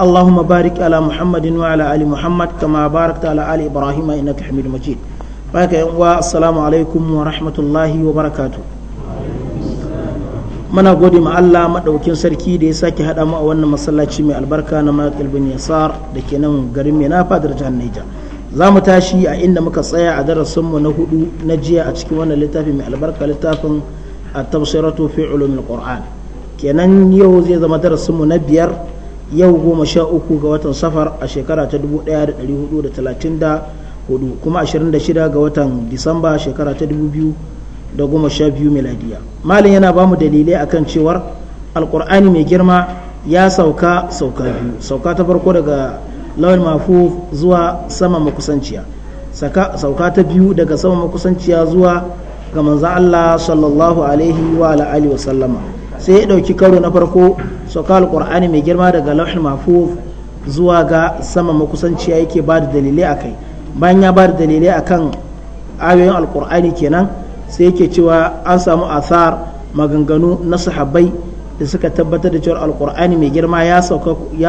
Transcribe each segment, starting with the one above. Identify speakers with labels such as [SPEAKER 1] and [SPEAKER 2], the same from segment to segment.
[SPEAKER 1] اللهم بارك على محمد وعلى ال محمد كما باركت على ال ابراهيم انك حميد مجيد السلام عليكم ورحمه الله وبركاته mana gode ma Allah maɗaukin sarki da ya sake haɗa mu a wannan masallaci mai albarka na ma bin Yasar da kenan garin mai nafa da jihar Niger. Za mu tashi a inda muka tsaya a darasin mu na hudu na jiya a cikin wannan littafi mai albarka littafin at-tafsiratu fi ulumil Qur'an. Kenan yau zai zama darasin mu na biyar yau goma sha uku ga watan safar a shekara ta dubu da da da hudu talatin hudu kuma 26 ga watan disamba shekara ta dubu biyu da goma sha biyu miladiya malin yana ba mu dalilai akan cewar alkur'ani mai girma ya sauka sauka biyu sauka ta farko daga lawan mafu zuwa sama makusanciya sauka ta biyu daga sama makusanciya zuwa ga manzan allah sallallahu alaihi wa alihi wa sai ya ɗauki karo na farko sauka alƙur'ani mai girma daga lauhin mafuf zuwa ga sama makusanciya yake ba da dalilai a kai bayan ya ba da dalilai a kan ayoyin alƙur'ani kenan sai yake cewa an samu asar maganganu na sahabbai da suka tabbatar da cewar alƙur'ani mai girma ya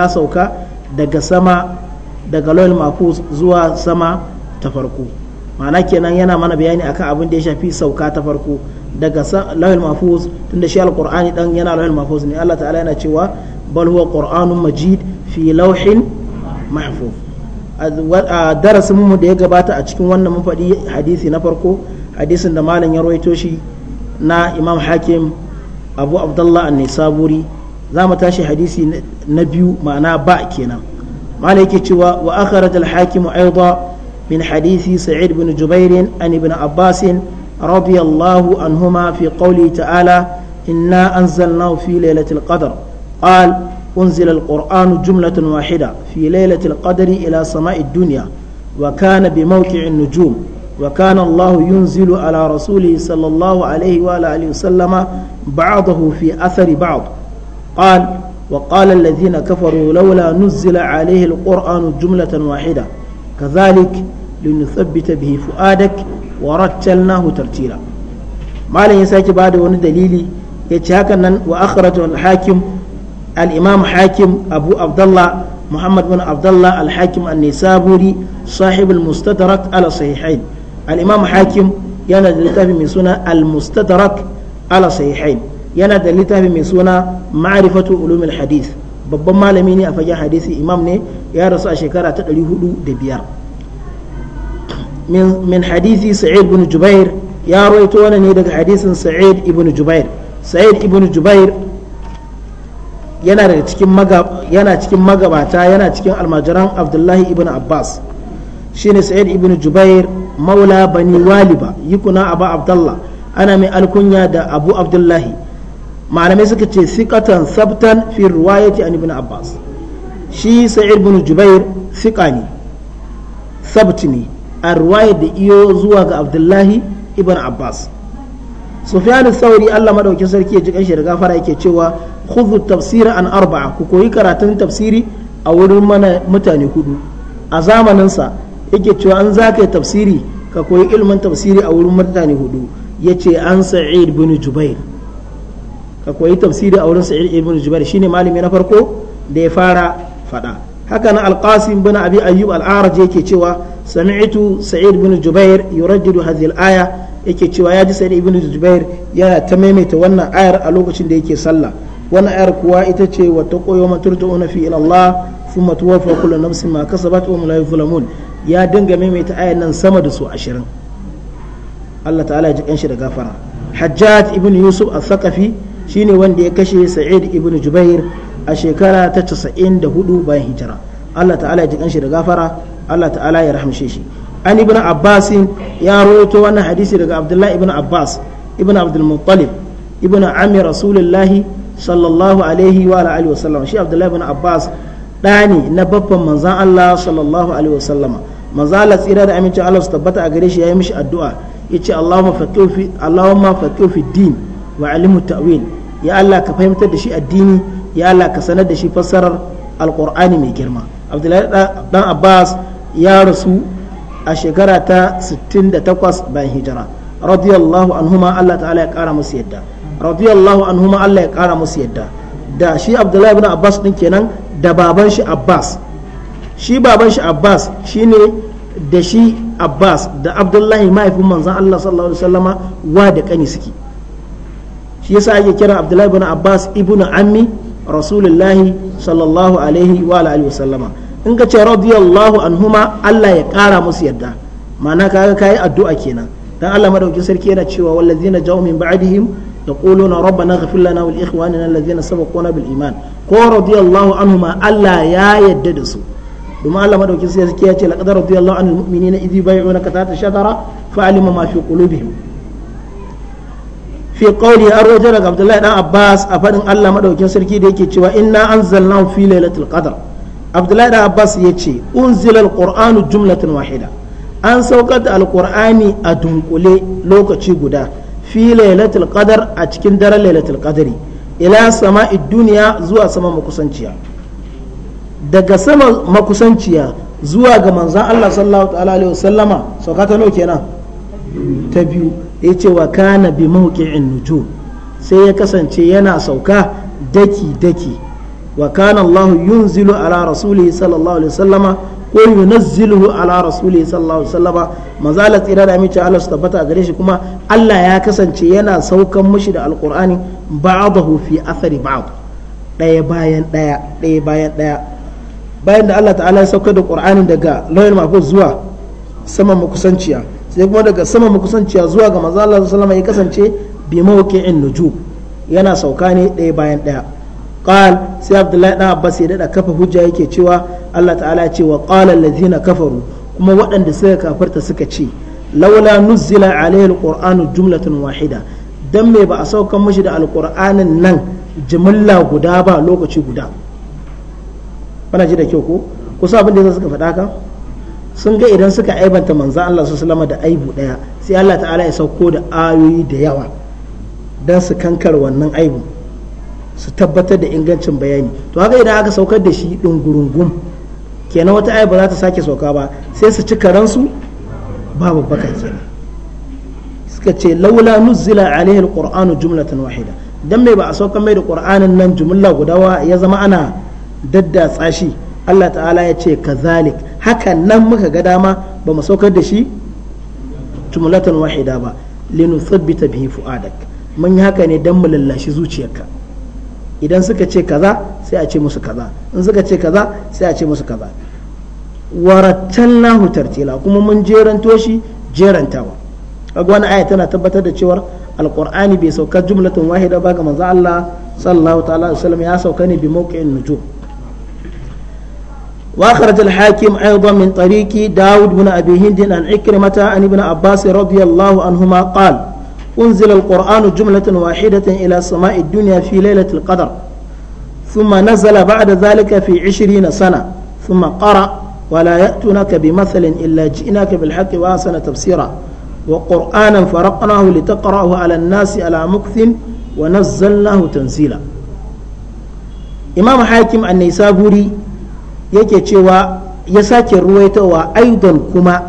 [SPEAKER 1] sauka daga sama daga lauhin zuwa sama ta farko ma'ana kenan yana mana bayani akan abin da ya shafi sauka ta farko daga lahul mafuz tunda shi alqur'ani dan yana lahul mafuz ne Allah ta'ala yana cewa bal huwa qur'anun majid fi lawhin mahfuz a darasin mu da ya gabata a cikin wannan mun faɗi hadisi na farko hadisin da malam ya rawaito shi na imam hakim abu abdullah an nisaburi za mu tashi hadisi na biyu ma'ana ba kenan malam yake cewa wa akhraj al hakim aidan min hadisi sa'id bin jubair an ibn abbasin رضي الله عنهما في قوله تعالى إنا أنزلناه في ليلة القدر قال أنزل القرآن جملة واحدة في ليلة القدر إلى سماء الدنيا وكان بموقع النجوم وكان الله ينزل على رسوله صلى الله عليه وآله وسلم بعضه في أثر بعض قال وقال الذين كفروا لولا نزل عليه القرآن جملة واحدة كذلك لنثبت به فؤادك wa rattalnahu tartila malam ya sake bada wani dalili ya ce hakan nan wa akhrajahu al-hakim al abu abdullah muhammad bin abdullah al-hakim an-nisaburi sahib al-mustadrak ala sahihain hakim yana mai suna al-mustadrak ala sahihain yana da littafi mai suna ma'rifatu ulumul hadis babban malami ne a fagen hadisi imam ne ya rasu a shekara ta hudu da biyar. min hadisi sa'id bin jubair ya rawaito wannan ne daga hadisin sa'id ibn jubair sa'id ibn jubair yana daga cikin magabata yana cikin almajiran abdullahi ibn abbas shine sa'id ibn jubair maula bani waliba yukuna abu abdullah ana mai alkunya da abu abdullahi malamai suka ce siqatan sabtan fi riwayati an ibn abbas shi sa'id ibn jubair siqa ne sabt a ruwaya da iyo zuwa ga abdullahi ibn abbas sufyan sauri allah madauki sarki ya ji kanshi da gafara yake cewa khudhu tafsira an arba'a ku koyi karatun tafsiri a wurin mana mutane hudu a zamanin zamaninsa yake cewa an zakai tafsiri ka koyi ilmin tafsiri a wurin mutane hudu ya an sa'id bin jubair ka koyi tafsiri a wurin sa'id ibn jubair shine malami na farko da ya fara fada haka na alqasim bin abi ayyub al yake cewa sami'tu sa'id bin jubair yuraddidu hadhihi aya yake cewa ya ji sa'id bin jubair yana ta maimaita wannan ayar a lokacin da yake sallah wannan ayar kuwa ita ce wa taqu yawma turja'una fi ila Allah thumma tuwaffa kullu nafsin ma kasabat wa la yuzlamun ya dinga maimaita ayar nan sama da su 20 Allah ta'ala ya ji kanshi da gafara Hajjaj ibn Yusuf al-Thaqafi shine wanda ya kashe Sa'id ibn Jubair a shekara ta 94 bayan hijira Allah ta'ala ya ji kanshi da gafara Allah ta'ala ya rahamshe shi an ibn Abbas ya rawaito wannan hadisi daga Abdullah ibn Abbas ibn Abdul Muttalib ibn Ammi Rasulullah sallallahu alaihi wa alihi wa sallam shi Abdullah ibn Abbas ɗani na babban manzan Allah sallallahu alaihi wa sallama manzan Allah tsira da amincin Allah su tabbata a gare shi yayi mishi addu'a yace Allahumma faqih fi Allahumma faqih fi din wa alimu ta'wil ya Allah ka fahimtar da shi addini ya Allah ka sanar da shi fassarar alkur'ani mai girma abdullahi dan abbas ya rasu a shekara ta 68 bayan hijira radiyallahu anhuma Allah ta'ala ya kara musu yadda radiyallahu anhuma Allah ya kara musu yadda da shi abdullahi ibn abbas din kenan da baban shi abbas shi baban shi abbas shine da shi abbas da abdullahi mahaifin manzon Allah sallallahu alaihi wasallama wa da kani suke shi yasa ake kira abdullahi ibn abbas ibn ammi rasulullahi sallallahu alaihi wa alihi wasallama in ka ce radiyallahu anhuma Allah ya kara musu yadda ma'ana kaga kai addu'a kenan dan Allah madauki sarki yana cewa wallazina ja'u min ba'dihim yaquluna rabbana ighfir lana wa li ikhwanina allazina sabaquna bil iman ko radiyallahu anhuma Allah ya yadda da su domin Allah madauki sarki ya ce laqad radiyallahu anil mu'minina idh yubayyi'unaka tahta shajara fa'alima ma fi qulubihim fi qawli an waje daga abdullahi dan abbas a fadin allah maɗaukin sarki da yake cewa inna anzalnahu fi lailatul qadr abdullahi dan abbas ya ce unzila alqur'anu jumlatan wahida an saukar da alqur'ani a dunkule lokaci guda fi lailatul qadar a cikin daren lailatul qadari ila sama'i duniya zuwa sama makusanciya daga sama makusanciya zuwa ga manzan Allah sallallahu alaihi wasallama sauka ta kenan ta biyu ya ce wa kana bi mawqi'in nujum sai ya kasance yana sauka daki daki wa kana Allah yunzilu ala rasulihi sallallahu alaihi wasallama ko yunazziluhu ala rasulihi sallallahu alaihi wasallama mazala tsira da mice Allah tabbata a gare shi kuma Allah ya kasance yana saukan mushi da alqur'ani ba'dahu fi athari ba'd daya bayan daya daya bayan daya bayan da Allah ta'ala ya saukar da qur'anin daga lawil mahfuz zuwa saman makusanciya sai kuma daga sama mu makusanciya zuwa ga manzo Allah sallallahu ya kasance bi mawqi'in nujub yana sauka ne ɗaya bayan ɗaya qal sai abdullahi dan abbas ya dada kafa hujja yake cewa Allah ta'ala ya ce wa qala allazina kafaru kuma waɗanda suka kafarta suka ce laula nuzila alaihi alqur'anu jumlatun wahida dan me ba a saukan mashi da alqur'anin nan jimilla guda ba lokaci guda bana ji da kyau ko kusa abin da suka faɗa ka sun ga idan suka aibanta manzo Allah su salama da aibu daya sai Allah ta'ala ya sauko da ayoyi da yawa don su kankar wannan aibu su tabbatar da ingancin bayani to haka idan aka saukar da shi ɗin gurungun kenan wata aibu za ta sake sauka ba sai su ci karansu babu baka kenan suka ce laula nuzila alaihi alqur'anu jumlatan wahida dan me ba a saukar mai da qur'anin nan jumla guda ya zama ana daddatsashi. Allah ta'ala ya ce kazalik hakan nan muka ga dama ba mu saukar da shi jumlatan wahida ba linu tsabbita bihi fu'adak mun yi haka ne dan mu lallashi zuciyarka idan suka ce kaza sai a ce musu kaza in suka ce kaza sai a ce musu kaza warattalnahu tartila kuma mun jeranto shi jerantawa kaga wani aya tana tabbatar da cewar alqur'ani bai sauka jumlatan wahida ba ga manzo Allah sallallahu ta'ala alaihi wasallam ya sauka ne bi mawqi'in nujum وأخرج الحاكم أيضا من طريق داود بن أبي هند عن عكرمة عن ابن عباس رضي الله عنهما قال أنزل القرآن جملة واحدة إلى سماء الدنيا في ليلة القدر ثم نزل بعد ذلك في عشرين سنة ثم قرأ ولا يأتونك بمثل إلا جئناك بالحق وأحسن تفسيرا وقرآنا فرقناه لتقرأه على الناس على مكث ونزلناه تنزيلا إمام حاكم النيسابوري yake cewa ya sake ruwaitowa aidan kuma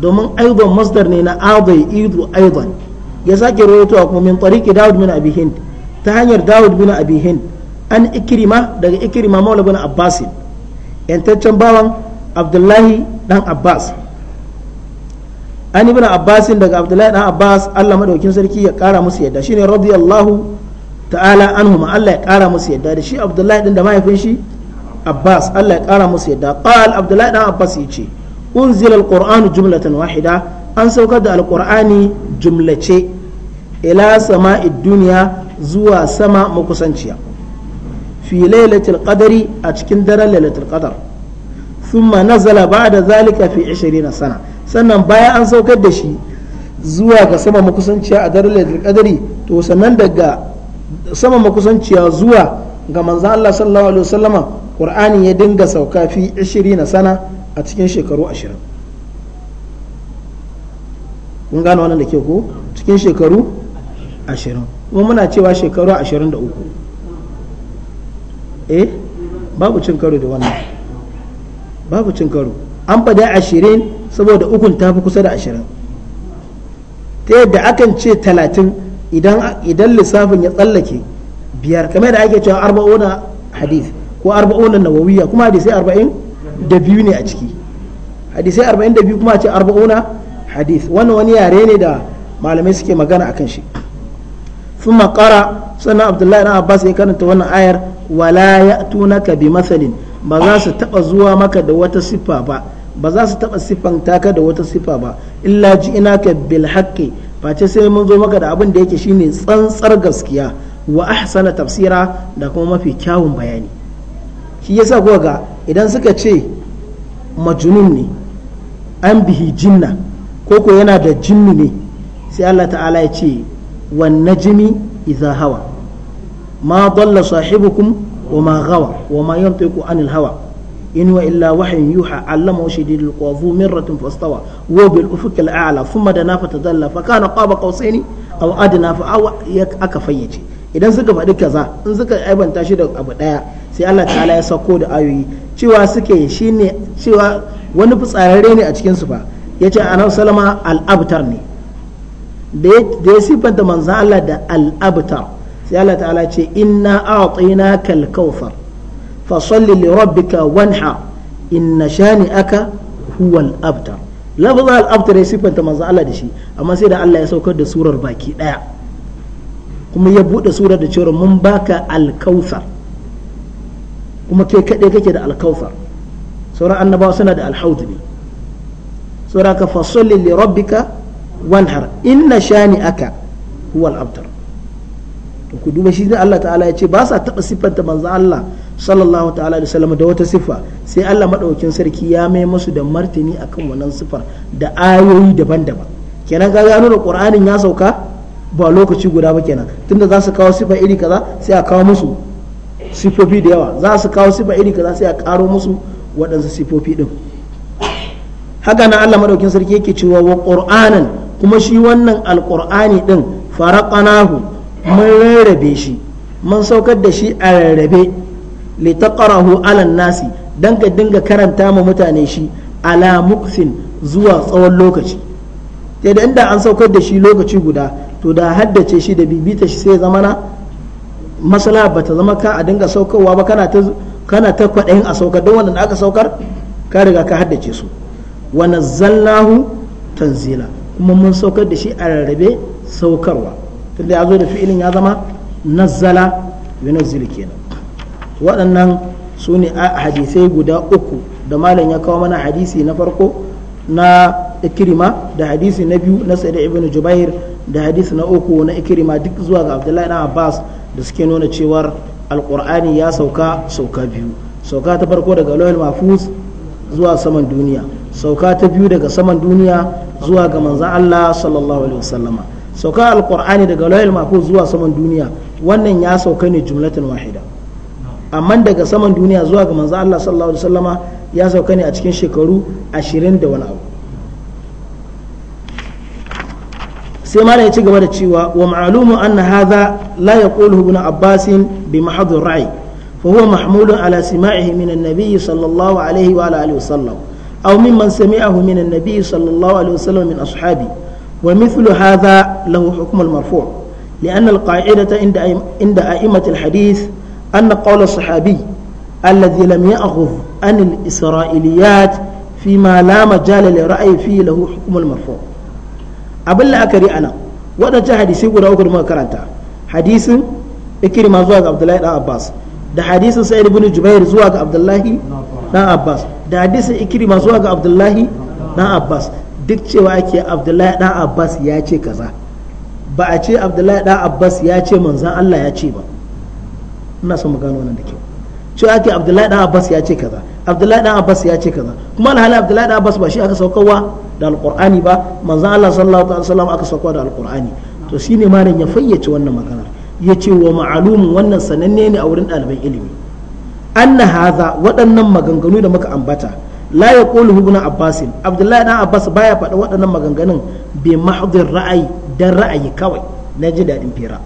[SPEAKER 1] domin aidan masdar ne na adai idu aidan ya sake ruwaitowa kuma min tariki dawud bin abi hind ta hanyar dawud bin abi hind an ikrima daga ikrima maula bin abbas yantaccen bawan abdullahi dan abbas an ibn abbas daga abdullahi dan abbas allah madaukin sarki ya kara musu yadda shine radiyallahu ta'ala anhuma allah ya kara musu yadda da shi abdullahi din da mahaifin shi abbas allah ya kara musu yadda qal abdullahi dan abbas yace unzila alquran jumlatan wahida an saukar da alqur'ani jumlace ila sama'id duniya zuwa sama makusanciya fi lailatul qadari a cikin daren lailatul qadar thumma nazala ba'da zalika fi 20 sana sannan bayan an saukar da shi zuwa ga sama makusanciya a daren lailatul qadari to sannan daga sama makusanciya zuwa ga manzon Allah qur'ani ya dinga sauka fi 20 sana a cikin shekaru 20 kun gano wannan da ke ko cikin shekaru 20 kuma muna cewa shekaru 23 eh babu cin karo da wannan babu cin karo an fada ashirin saboda ukun ta fi kusa da ashirin ta yadda akan ce talatin idan lissafin ya tsallake biyar kamar da ake cewa arba'una hadith ko arba'un nawawiya kuma hadisai arba'in da biyu ne a ciki hadisai arba'in da biyu kuma a ce arba'una hadis wannan wani yare ne da malamai suke magana a kan shi sun makara sannan عبد na abbas عباس karanta wannan ayar wala ka bi masalin ba za su taba zuwa maka da wata siffa ba ba za su taba siffan ka da wata siffa ba illa ji ina bil haqqi face sai mun zo maka da abin da yake shine tsantsar gaskiya wa ahsana tafsira da kuma mafi kyawun bayani shi yasa kuwa ga idan suka ce majnun ne an bihi jinna ko ko yana da jinni ne sai Allah ta'ala ya ce wan najmi idza hawa ma dalla sahibukum wa ma gawa wa ma yantiku anil hawa in wa illa wahyin yuha allama shadidul qawfu mirratin fastawa wa bil ufuq al a'la thumma dana fatadalla fa kana qaba qawsaini aw adna fa aw aka fayyace idan suka faɗi kaza in suka aibanta shi da abu ɗaya sai Allah ta'ala ya sako da ayoyi cewa suke ne cewa wani fitsararre ne a cikin su ya yace annabi sallama salama al'abtar ne da ya siffanta manzan Allah da al'abtar sai Allah ta'ala ce inna a'tina kal kawfar fa salli li rabbika wanha inna aka huwa al-abtar lafazin al'abtar ya siffanta manzan Allah da shi amma sai da Allah ya saukar da surar baki ɗaya kuma ya buɗe sura da cewa mun baka alkautsar kuma kai kaɗai kake da alkautsar sauran annabawa suna da alhaudu ne sauran ka fasolli li rabbika wanhar inna shani aka huwal abtar ku duba shi da Allah ta'ala ya ce ba sa taɓa siffanta manzo Allah sallallahu ta'ala da sallama da wata siffa sai Allah maɗaukin sarki ya mai musu da martini akan wannan siffar da ayoyi daban-daban kenan ga gano da qur'anin ya sauka ba lokaci guda ba kenan tunda za su kawo sifa iri kaza sai a kawo musu sifofi da yawa za su kawo sifa iri kaza sai a karo musu waɗansu sifofi ɗin. haka na Allah madaukin sarki yake cewa wa qur'anan kuma shi wannan alqur'ani din faraqanahu mun rarrabe shi mun saukar da shi a rarrabe li taqrahu ala nasi dan ka dinga karanta ma mutane shi ala muksin zuwa tsawon lokaci da inda an saukar da shi lokaci guda to da haddace shi da bibita shi sai zama na masala ba ta zama ka a dinga saukarwa ba kana ta kana ta kwaɗayin a saukar don wanda aka saukar ka riga ka haddace su wa nazzalnahu tanzila kuma mun saukar da shi a rarrabe saukarwa tunda ya zo da fi'ilin ya zama nazzala yunazzil kenan waɗannan su ne a hadisai guda uku da malam ya kawo mana hadisi na farko na ikirima da hadisi na biyu na sa'id ibn jubair da hadith na uku na ikirima duk zuwa ga abdullahi dan abbas da suke nuna cewar alqur'ani ya sauka sauka biyu sauka ta farko daga lawal mafus zuwa saman duniya sauka ta biyu daga saman duniya zuwa ga manzan allah sallallahu alaihi wasallama sauka alqur'ani daga lawal mafus zuwa saman duniya wannan ya sauka ne jumlatan wahida amma daga saman duniya zuwa ga manzan allah sallallahu alaihi wasallama ya sauka ne a cikin shekaru ashirin da wani abu sai mala ya ci gaba da cewa wa ma'lumu anna hadha la yaquluhu ibn abbas bi mahd ar-ra'i fa huwa mahmulun ala sima'ihi min an-nabiy sallallahu alaihi wa alihi wa sallam aw mimman sami'ahu min an-nabiy sallallahu alaihi wa sallam min ashabi wa mithlu hadha lahu hukm al-marfu' لأن القاعدة عند أئمة الحديث أن قول الصحابي الذي لم يأخذ عن الإسرائيليات فيما لا مجال لرأي فيه له حكم المرفوع abin la'akari ana waɗancan hadisi guda uku da muka karanta hadisin ikirma zuwa ga abdullahi dan abbas da hadisin sa'id ibn jubair zuwa ga abdullahi dan abbas da hadisin ikirma zuwa ga abdullahi dan abbas duk cewa ake abdullahi dan abbas ya ce kaza ba a ce abdullahi dan abbas ya ce manzan allah ya ce ba ina son mu gano wannan da kyau cewa ake abdullahi dan abbas ya ce kaza abdullahi dan abbas ya ce kaza kuma alhali abdullahi dan abbas ba shi aka saukowa da alqur'ani ba manzon Allah sallallahu alaihi wasallam aka saukowa da alqur'ani to shine malam ya fayyace wannan ya ce wa ma'alum wannan sananne ne a wurin ɗaliban ilimi anna hadha waɗannan maganganu da muka ambata la qulu ibn abbas abdullahi dan abbas baya faɗa waɗannan maganganun bi mahdhir ra'ayi dan ra'ayi kawai na ji dadin fira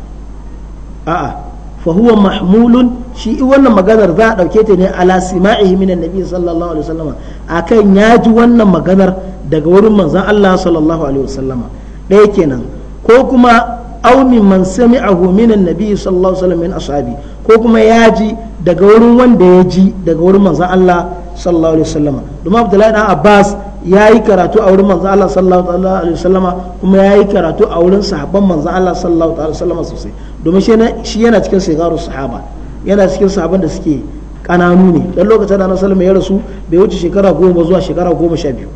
[SPEAKER 1] a'a fa huwa mahmulun shi wannan maganar za a dauke ta ne ala sima'ihi minan nabi sallallahu alaihi wasallam akan ya ji wannan maganar daga wurin manzon Allah sallallahu alaihi wasallam ɗaya kenan ko kuma auni min man sami'ahu minan nabi sallallahu alaihi wasallam min ashabi ko kuma ya ji daga wurin wanda ya ji daga wurin manzon Allah sallallahu alaihi wasallam domin Abdullahi dan Abbas ya yi karatu a wurin manzo Allah sallallahu alaihi wasallama kuma ya yi karatu a wurin sahabban manzo Allah sallallahu alaihi wasallama sosai domin shi yana cikin shekaru sahaba yana cikin sahaban da suke kananu ne dan lokacin da annabi ya rasu bai wuce shekara goma zuwa shekara goma sha biyu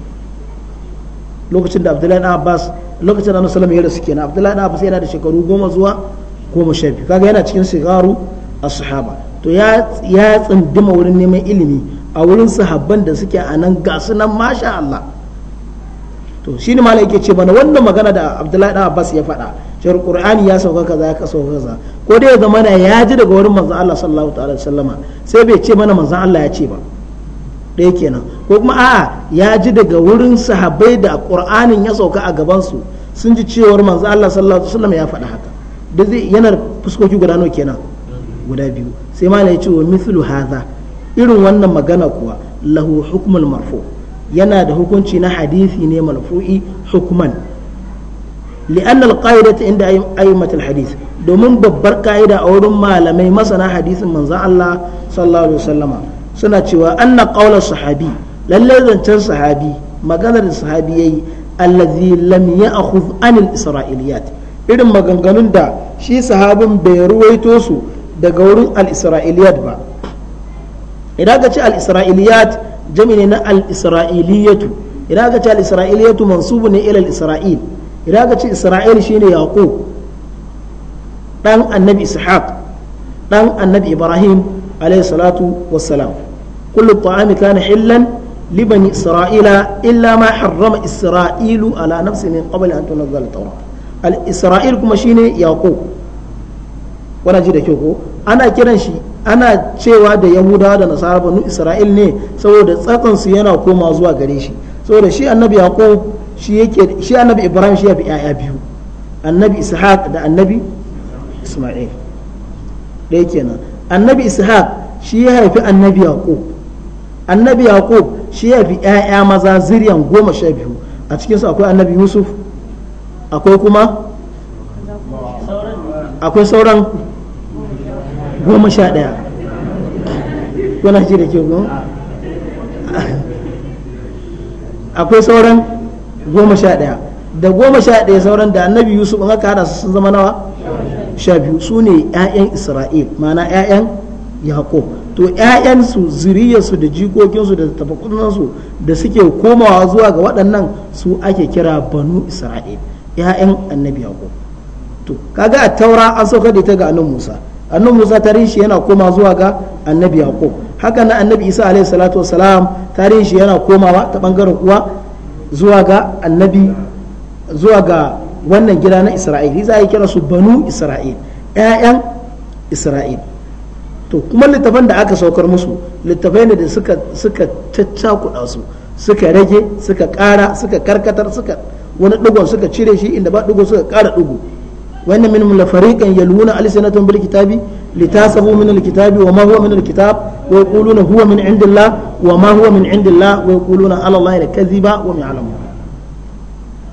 [SPEAKER 1] lokacin da abdullahi na abbas lokacin da annabi ya rasu kenan abdullahi na abbas yana da shekaru goma zuwa goma sha biyu kaga yana cikin sigaru as-sahaba to ya ya tsindima wurin neman ilimi a wurin sahabban da suke a nan ga nan masha Allah to shine malai yake ce bana wannan magana da abdullahi na abbas ya faɗa cewar qur'ani ya sauka kaza ya sauka kaza ko dai ya zama ya ji daga wurin manzon Allah sallallahu ta'ala wasallama sai bai ce mana manzon Allah ya ce ba ɗaya kenan ko kuma a'a ya ji daga wurin sahabbai da qur'anin ya sauka a gaban su sun ji cewar manzon Allah sallallahu alaihi wasallam ya faɗa haka duk yana fuskoki guda nawa kenan guda biyu sai malai ya ce wa mithlu hadha irin wannan magana kuwa lahu hukmul marfu yana da hukunci na hadisi ne marfu'i hukman inda القاعدة عند أئمة الحديث domin babbar ka'ida a wurin malamai masana hadisin manza Allah sallallahu alaihi suna cewa an qawla sahabi lalle zancen sahabi maganar sahabi yayi allazi lam ya'khudh anil isra'iliyat irin maganganun da shi sahabin bai ruwaito su daga wurin al ba idan ka ce al-isra'iliyat na al-isra'iliyatu idan ka ce al-isra'iliyatu mansubu ne ila al-isra'il idan ka ce isra'il shine yaqub dan annabi ishaq dan annabi ibrahim alayhi salatu wassalam kullu ta'ami kana hillan libani isra'ila illa ma harrama isra'ilu ala nafsi min qabli an tunzala tawrat al isra'il kuma shine yaqub wannan ji da kyau ko ana kiran shi ana cewa da yahudawa da nasara banu isra'il ne saboda su yana koma zuwa gare shi saboda shi annabi yaqub shi yake shi annabi ibrahim shi ya fi yaya biyu annabi ishaq da annabi isma'il yake nan annabi ishaq shi ya haifi annabi yaqub annabi yaqub shi ya fi yaya maza zuriyan goma sha biyu a cikinsu akwai annabi yusuf akwai kuma akwai sauran goma sha ɗaya kuna ji da ke akwai sauran goma sha ɗaya da goma sha ɗaya sauran da annabi yusuf in aka hada su sun zama nawa sha biyu su ne 'ya'yan isra'il ma'ana 'ya'yan yakub to ya'yan su zuriyarsu da jikokinsu da tafakunansu da suke komawa zuwa ga waɗannan su ake kira banu isra'il 'ya'yan annabi yaƙob to kaga a taura an sauka da ita ga annabi musa annabi musa tarihin shi yana komawa zuwa ga annabi yaƙob haka na annabi isa alaihi salatu wasalam tarihin shi yana komawa ta bangaren uwa zuwa ga annabi zuwa ga wannan gida na isra'il za a yi kira su banu isra'il 'ya'yan isra'il to kuma littafan da aka saukar musu littafai ne da suka suka caccakuɗa suka rage suka ƙara suka karkatar suka wani ɗigon suka cire shi inda ba ɗigo suka ƙara ɗigo وان منهم لفريقا يلوون السنتهم بالكتاب لتاسفوا من الكتاب وما هو من الكتاب ويقولون هو من عند الله وما هو من عند الله ala على الله الكذب وما يعلمون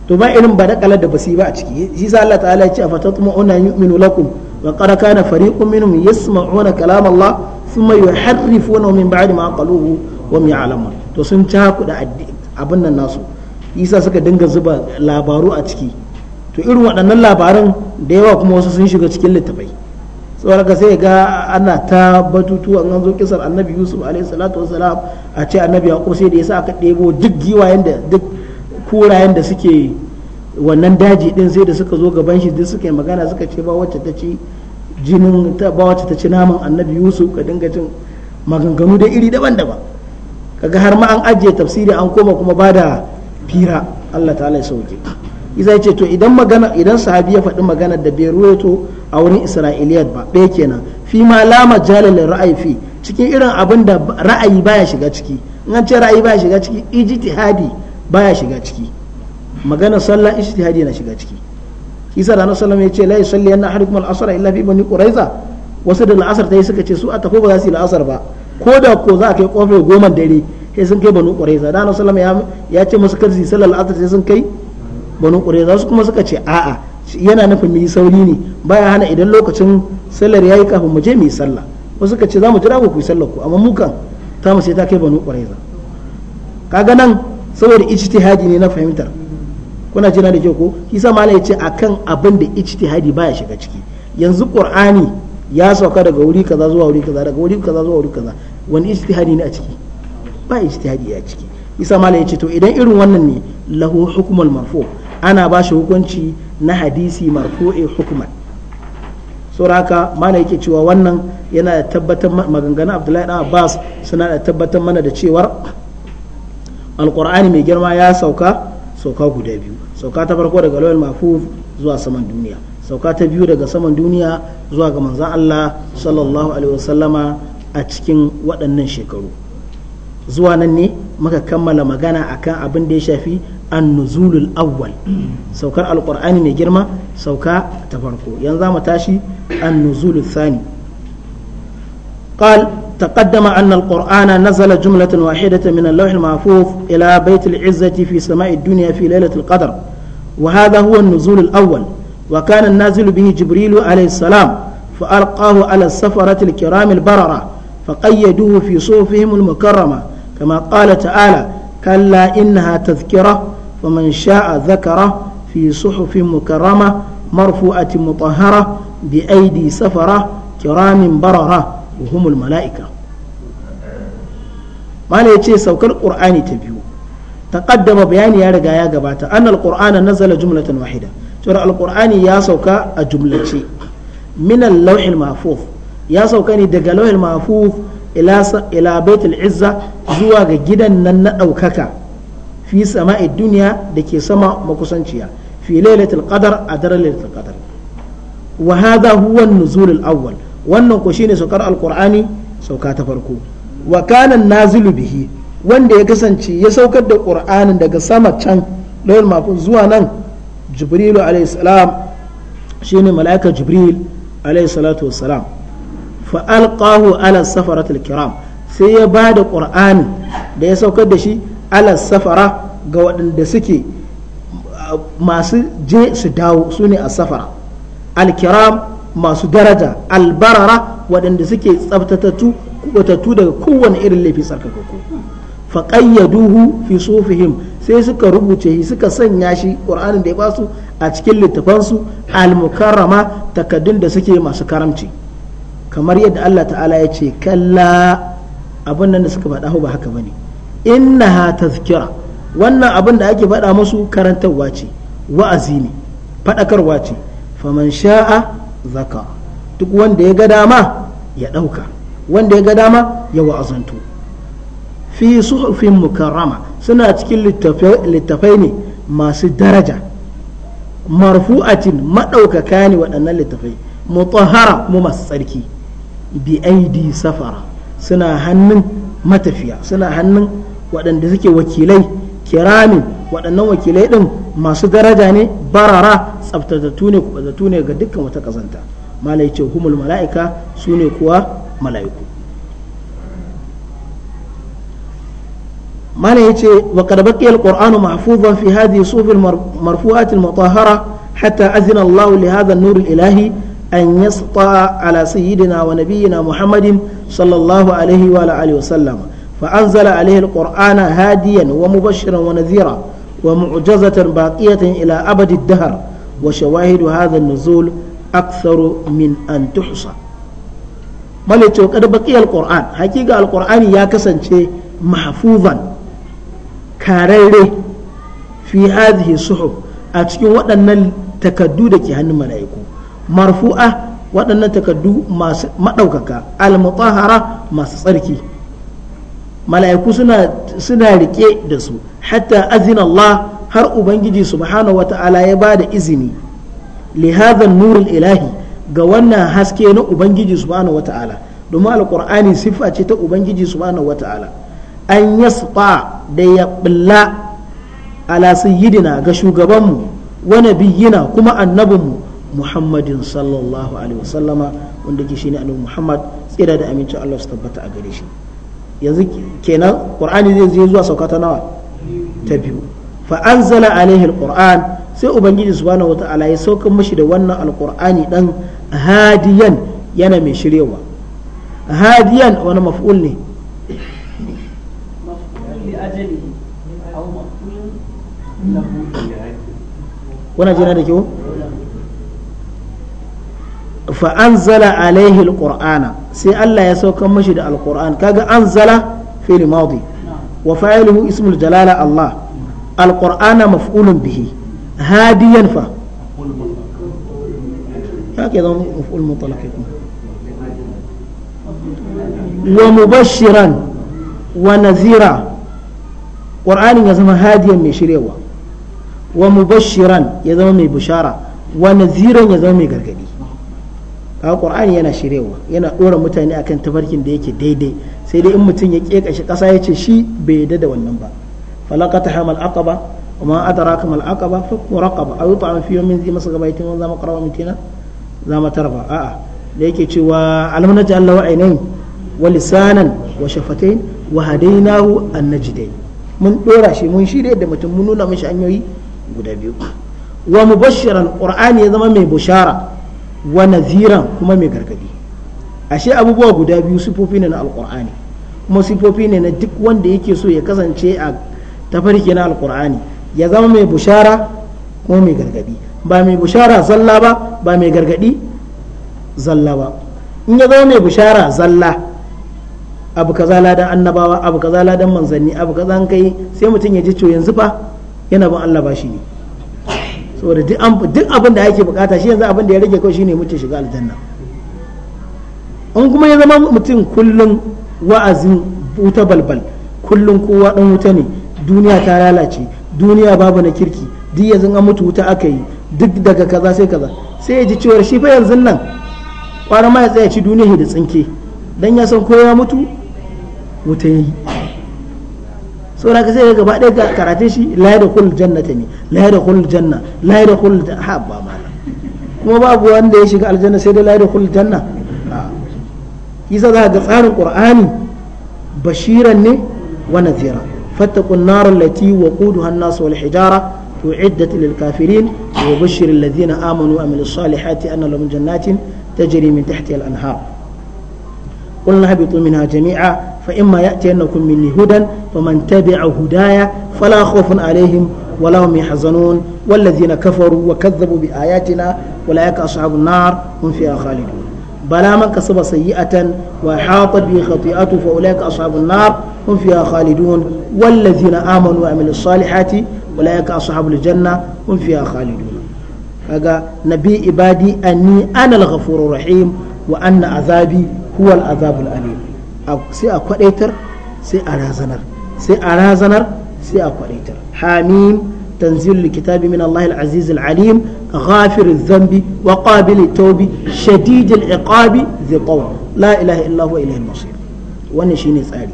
[SPEAKER 1] to ba irin ba kala da basi ba a ciki shi sa Allah ta'ala ya ce afatatma'una yu'minu lakum wa qad kana fariqun minhum yasma'una kalam Allah thumma yuharrifuna min ba'di ma qaluhu wa hum to sun ci hakuda abin nan nasu yasa suka dinga zuba labaru a ciki to irin waɗannan labarin da yawa kuma wasu sun shiga cikin littafai ka sai ga ana ta batutu an zo kisar annabi yusuf alaihi salatu a ce annabi ya sai da yasa aka ɗebo duk giwayen da duk kurayen da suke wannan daji din sai da suka zo gaban shi duk suka yi magana suka ce ba wacce ta ci jinin ta ba wacce ta ci naman annabi yusuf ka dinga cin maganganu da iri daban-daban kaga har ma an ajiye tafsiri an koma kuma bada fira Allah ta'ala ya sauke iza ce to idan magana idan sahabi ya faɗi magana da bai ruwaito a wurin isra'iliyat ba ɗaya kenan fi ma la majala ra'ayi fi cikin irin abin da ra'ayi baya shiga ciki in an ce ra'ayi baya shiga ciki ijtihadi baya shiga ciki magana sallah ijtihadi na shiga ciki kisa da sallam ya ce la yusalli anna ahadukum al-asr illa fi bani quraiza wasu da la'asar ta yi suka ce su a tafi ba za su yi la'asar ba ko da ko za a kai kofar goma dare sai sun kai bani quraiza da sallam ya ce musu kar su yi sallar la'asar sai sun kai banu ƙuraiza su kuma suka ce a'a yana nufin mu yi sauri ne baya hana idan lokacin sallar yayi kafin mu je mu yi sallah wasu suka ce za mu jira ku ku yi sallar ku amma mu kan ta mu sai ta kai banu ka kaga nan saboda ijtihadi ne na fahimtar kuna jina da kyau ko kisa malai ce akan abin da ijtihadi baya shiga ciki yanzu qur'ani ya sauka daga wuri kaza zuwa wuri kaza daga wuri kaza zuwa wuri kaza wani ijtihadi ne a ciki ba ijtihadi a ciki isa malai ya ce to idan irin wannan ne lahu hukumul marfu ana ba shi hukunci na hadisi marfu'i hukuman sauraka mana yake cewa wannan yana da tabbatar maganganun abdullahi dan abbas suna da tabbatar mana da cewar alkur'ani mai girma ya sauka sauka guda biyu sauka ta farko daga lawal mafu zuwa saman duniya sauka ta biyu daga saman duniya zuwa ga manzan allah sallallahu alaihi wasallama a cikin waɗannan shekaru zuwa nan ne muka kammala magana akan abin da ya shafi an-nuzulul awwal saukar alqur'ani mai girma sauka ta farko yanzu mu tashi an-nuzulul thani قال تقدم أن القرآن نزل جملة واحدة من اللوح المحفوظ إلى بيت العزة في سماء الدنيا في ليلة القدر وهذا هو النزول الأول وكان النازل به جبريل عليه السلام فألقاه على السفرة الكرام البررة فقيدوه في صوفهم المكرمة كما قال تعالى كلا إنها تذكرة ومن شاء ذكره في صحف مكرمة مرفوعة مطهرة بأيدي سفرة كرام بررة وهم الملائكة ما يتي سوك القرآن تبيو تقدم بيان يا رجا يا جبات أن القرآن نزل جملة واحدة ترى القرآن يا سوك الجملة من اللوح المحفوظ ya sauka ne daga lauhin mahfuz ila baitul izza zuwa ga gidan nan na ɗaukaka fi sama'i duniya da ke sama makusanciya fi lailatul qadar a daren lailatul qadar wa hadha huwa an-nuzul al-awwal wannan ko shine saukar alqur'ani sauka ta farko wa kana nazilu bihi wanda ya kasance ya saukar da qur'anin daga sama can lawal mafun zuwa nan jibrilu alayhi salam shine malaika jibril alayhi salatu wassalam fa alqahu ala safaratil kiram sai ya bada qur'ani da ya saukar da shi ala safara ga waɗanda suke uh, masu je su dawo su ne a safara alkiram masu daraja albarara waɗanda suke tsaftatattu kubatattu daga kowane irin laifi tsarkakakku faƙayyaduhu fi sufihim sai suka rubuce shi suka sanya shi ƙur'anin da ya basu a cikin littafansu almukarrama takaddun da suke masu karamci kamar yadda Allah ta'ala ya ce kalla abin nan da suka faɗa ba haka bane ha tazkira wannan abin da ake faɗa musu karantarwa ce wa'azi ne faɗakarwa ce faman sha'a zaka duk wanda ya ga dama ya ɗauka wanda ya ga dama ya wa'azantu fi suhufin mukarrama suna cikin littafai ne masu daraja marfu'atin maɗaukaka ne waɗannan littafai mutahara kuma masu tsarki bi safara suna hannun matafiya suna hannun waɗanda suke wakilai kiramin waɗannan wakilai ɗin masu daraja ne barara tsaftatattu ne kubatattu ne ga dukkan wata ƙazanta malai ce humul mala'ika su ne kuwa mala'iku malai ce wa karbaki alƙur'anu mahfuzan fi hadi sufin marfu'atil mutahara hatta azina Allah li hadha an ilahi an yasqa ala sayyidina wa nabiyyina Muhammadin sallallahu alaihi wa alihi wa sallama فأنزل عليه القرآن هاديا ومبشرا ونذيرا ومعجزة باقية إلى أبد الدهر وشواهد هذا النزول أكثر من أن تحصى مالك قد بقي القرآن حقيقة القرآن يا كسنشي محفوظا كاريري في هذه الصحف أتكي وأن تكدودك هن ملائكو مرفوعة وأن تكدو ما مس... مدوكك المطهرة ما سركي mala'iku suna suna rike da su hatta azina Allah har ubangiji subhanahu wata'ala ya ba da izini li hadha nurul ilahi ga wannan haske na ubangiji subhanahu wata'ala domin alqur'ani sifa ce ta ubangiji subhanahu wata'ala an yasqa da ya bulla ala sayyidina ga shugabanmu wa nabiyina kuma annabinmu muhammadin sallallahu alaihi wasallama wanda ke shine annabi muhammad tsira da amincin Allah su tabbata a gare shi yanzu kenan qur'ani zai je zuwa sauka ta nawa ta biyu fa anzala alaihi alquran sai ubangiji subhanahu wataala ya saukar mashi da wannan alqur'ani dan hadiyan yana mai shiryawa hadiyan wani maf'ul ne kuna jina da kyau fa anzala alaihi alqur'ana sai Allah ya saukar mashi da alqur'an kaga anzala fil madi wa fa'iluhu ismul jalala Allah alqur'ana maf'ulun bihi hadiyan fa haka zama maf'ul mutlaq wa mubashiran wa nazira qur'anin ya zama hadiyan mai shirewa wa mubashiran ya zama mai bishara wa naziran ya zama mai gargadi a qur'ani yana shirewa yana ɗora mutane akan tafarkin da yake daidai sai dai in mutum ya keka shi kasa ya ce shi bai yadda da wannan ba falaqata hamal aqaba wa ma adraka mal aqaba fakku raqaba aw yut'am fi yawmin dhi masgabaitin wa zama qarawa mitina zama tarba a'a da yake cewa alam allahu lahu aynayn wa lisanan wa shafatayn wa hadainahu an-najdayn mun dora shi mun shirya da mutum mun nuna mishi hanyoyi guda biyu wa mubashiran qur'ani ya zama mai bushara wa naziran kuma mai gargadi ashe abubuwa guda biyu sifofi ne na alkur'ani kuma sifofi ne na duk wanda yake so ya kasance a tafarki na alkur'ani ya zama mai bushara kuma mai gargadi ba mai bushara zalla ba ba mai gargadi zalla ba in ya zama mai bushara zalla abu kaza ladan annabawa abu kaza ladan manzanni abu kaza an kai sai mutum ya ji to yanzu fa yana bin Allah ba shi ne saboda duk abin da yake bukata shi yanzu abin da ya rage kawai shine mutum shiga aljanna in kuma ya zama mutum kullum wa'azin wuta balbal kullum kowa dan wuta ne duniya ta lalace duniya babu na kirki duk yanzu an mutu wuta aka yi duk daga kaza sai kaza sai ya ji cewar shi fa yanzu nan kwana ma ya tsaya ci duniya da tsinke dan ya san ko ya mutu wuta yi saboda ka sai gaba ɗaya ga karatun shi la da kul ne la da kul janna la da kul ha ba kuma babu wanda ya shiga aljanna sai dai la da kul janna yasa za ga tsarin ƙur'ani bashiran ne wa nadhira fattaqun nar allati waquduha an-nas wal hijara أعدت للكافرين وبشر الذين آمنوا وعملوا الصالحات أن لهم جنات تجري من تحتها anhar قلنا هبطوا منها جميعا فإما يأتينكم مني هدى فمن تبع هدايا فلا خوف عليهم ولا هم يحزنون والذين كفروا وكذبوا بآياتنا ولا يك أصحاب النار هم فيها خالدون بلا من كسب سيئة وحاط به خطيئته فأولئك أصحاب النار هم فيها خالدون والذين آمنوا وعملوا الصالحات أولئك أصحاب الجنة هم فيها خالدون هذا نبي عبادي أني أنا الغفور الرحيم وأن عذابي huwal azabul alim sai a kwadaitar sai a razanar sai a razanar sai a kwadaitar hamim tanzilul kitabi min Allah al-aziz al-alim ghafir adh-dhanbi wa qabil at-tawbi shadid al-iqabi dhi qawl wannan shine tsari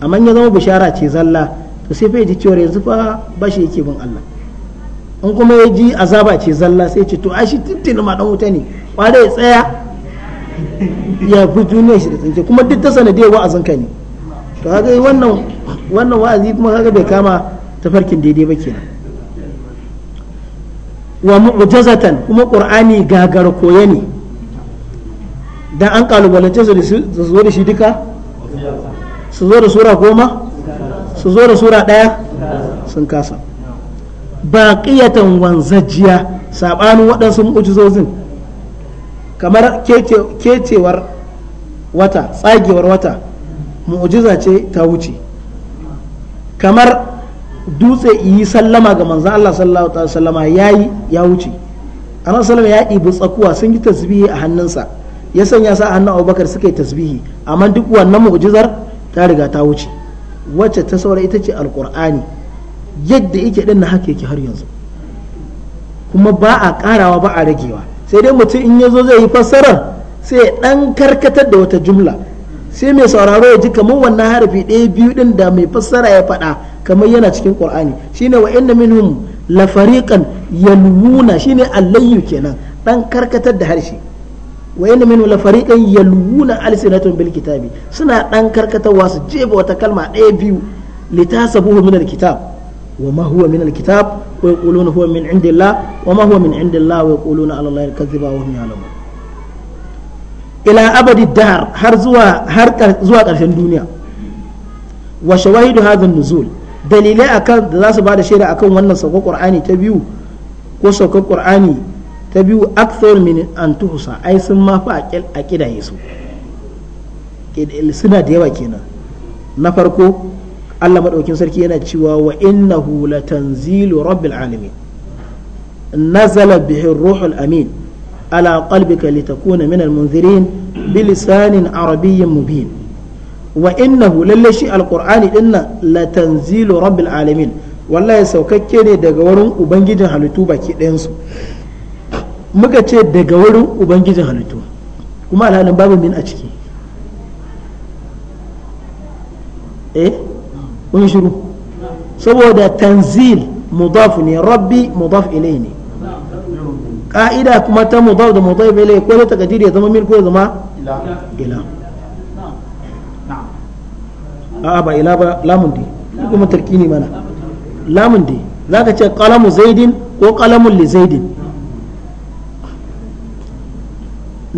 [SPEAKER 1] amma ya zama bishara ce zalla to sai fa ji cewa yanzu fa bashi yake bin Allah in kuma ya ji azaba ce zalla sai ce to ai shi tuntuni ma dan wuta ne kware ya tsaya ya fi duniya shi da tsinke kuma duk ta sanadiyar wa'azin ka ne to haka wannan wannan wa'azi kuma haka bai kama tafarkin daidai ba kenan wa mu'jazatan kuma qur'ani gagar koya ne dan an kalubalance su su zo da shi duka su zo da sura goma su zo da sura daya sun kasa baqiyatan wanzajiya sabanin waɗansu mu'jizozin kamar kecewar wata tsagewar wata mu'ujiza ce ta wuce kamar dutse yi sallama ga manzan Allah sallallahu alaihi wasallama yayi ya wuce annabi sallama ya ɗibi tsakuwa sun yi tasbihi a hannunsa ya sanya sa hannun Abubakar suka yi tasbihi amma duk wannan mu'ujizar ta riga ta wuce wacce ta saura ita ce alkur'ani yadda yake din na haka yake har yanzu kuma ba a karawa ba a ragewa sai dai mutum in ya zo zai yi fassarar sai ya ɗan karkatar da wata jumla sai mai sauraro ya ji kamar wannan harafi ɗaya biyu ɗin da mai fassara ya faɗa kamar yana cikin ƙur'ani shine wa inna minhum la fariqan yalwuna shine allayyu kenan dan karkatar da harshe wa inna minhum la fariqan yalwuna alsinatun bil kitabi suna dan karkatarwa su jefa wata kalma ɗaya biyu litasabuhu min alkitab وما هو من الكتاب ويقولون هو من عند الله وما هو من عند الله ويقولون على الله الكذب وهم يعلمون إلى أبد الدهر هر زوا هر زوا قرشن دنيا وشواهد هذا النزول dalilai akan da za su ba da shaida akan wannan saukar qur'ani ta biyu ko saukar qur'ani ta biyu akthar min an tuhsa ai sun ma su suna da yawa kenan na farko Allah maɗaukin sarki yana cewa wa innahu tanzilu rabbil alamin nazala bihin ruhul amin ala qalbika litakuna minal munzirin bilisanin arabiyyin mubin wa innahu lalle shi alqur'ani la latanzilu rabbil alamin wallahi saukakke ne daga wurin ubangijin halittu baki ɗayansu muka ce daga wurin ubangijin halittu kuma alhalin babu min a ciki eh kun shiru saboda tanzil mudaf ne rabbi mudaf ilai ne ka'ida kuma ta mudaf da mudaf ilai ko ta takadir ya zama mil ko ya zama ila a'a ba ila ba lamun dai kuma tarkini mana lamun dai zaka ce qalamu zaidin ko qalamun li zaidin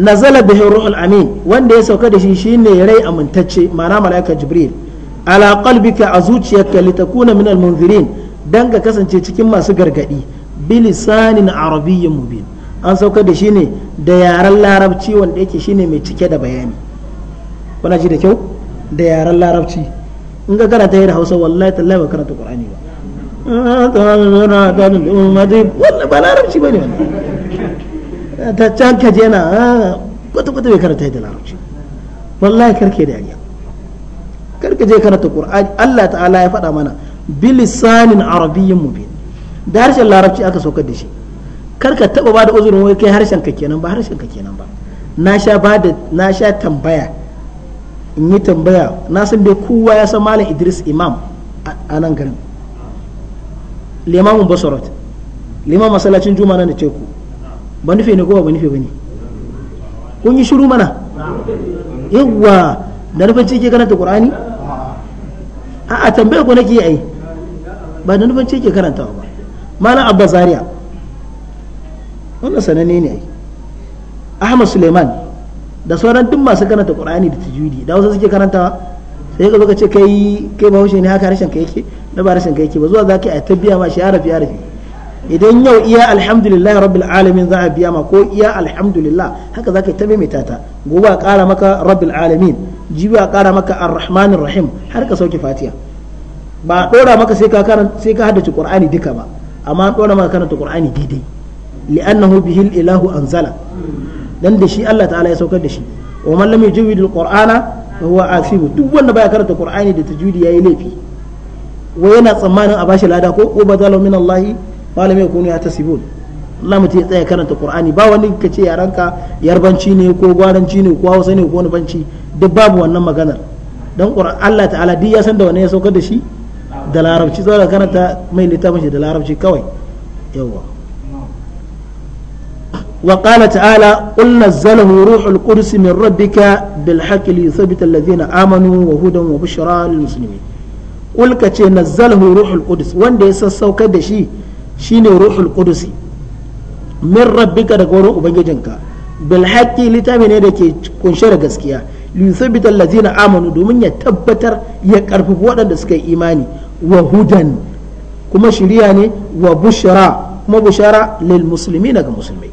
[SPEAKER 1] nazala bihi ruhul amin wanda ya sauka da shi shine rai amintacce ma'ana malaika jibril ala qalbika a zuciyarka litakuna min almunzirin dan ka kasance cikin masu gargadi bilisanin arabiyyin mubin an saukar da shi ne da yaren larabci wanda yake shine mai cike da bayani kuna ji da kyau da yaren larabci in ka karanta yi hausa wallahi tallahi ba karanta qur'ani ba wannan ba larabci ba ne wannan ta can ka jena ah, kwata-kwata bai karanta da larabci wallahi karke da yariya kar ka je karanta qur'ani Allah ta'ala ya faɗa mana bilisanin arabiyyin mubin da harshen larabci aka saukar da shi kar ka ba bada uzurin wai kai harshen ka kenan ba harshen ka kenan ba na sha da na sha tambaya in yi tambaya na san dai kowa ya san malam Idris Imam a nan garin limamin Basarot limam masallacin juma na teku ba nufi ne ko ba nufe bane kun yi shiru mana yawwa da nufin cike karanta Qur'ani a tambaye ku nake yi ba da nufin ce ke karantawa ba malam abba zaria wannan sananne ne ahmad suleiman da sauran duk masu karanta qur'ani da tajwidi da wasu suke karantawa sai ka zo ka ce kai kai bahaushe ne haka rashin kai yake na ba rashin kai yake ba zuwa zaka yi a tabbiya ma shi harafi harafi idan yau iya alhamdulillah rabbil alamin za a biya ma ko iya alhamdulillah haka zaka ta maimaita ta gobe a kara maka rabbil alamin jibi a kara maka arrahmanir rahim har ka sauke fatiha ba dora maka sai ka karanta sai ka haddace qur'ani duka ba amma dora maka karanta qur'ani daidai li'annahu bihi ilahu anzala dan da shi Allah ta'ala ya saukar da shi wa man lam yujawid alqur'ana fa huwa asibu duk wanda baya karanta qur'ani da tajwidi yayi laifi wa yana tsammanin a bashi lada ko ubadalu min allahi malami ya kunu ya ta sibul Allah mutum ya tsaya karanta Qur'ani ba wani ka ce yaranka yarbanci ne ko gwaranci ne ko hausa ne ko wani banci duk babu wannan maganar dan Allah ta'ala duk ya san da wannan ya saukar da shi da larabci zo karanta mai littafin shi da larabci kawai yawa wa qala ta'ala qul nazzalahu ruhul qudus min rabbika bil haqqi li yuthabbita alladhina amanu wa hudan wa bushra lil muslimin qul ka ce nazzalahu ruhul qudus wanda ya sassauka da shi shine ruhul qudusi min rabbika daga wurin ubangijinka bil littafi ne da ke kunshe da gaskiya li yuthabbita allazina amanu domin ya tabbatar ya karfi waɗanda suka yi imani wa hudan kuma shirya ne wa bushara kuma bushara lil muslimina ga musulmai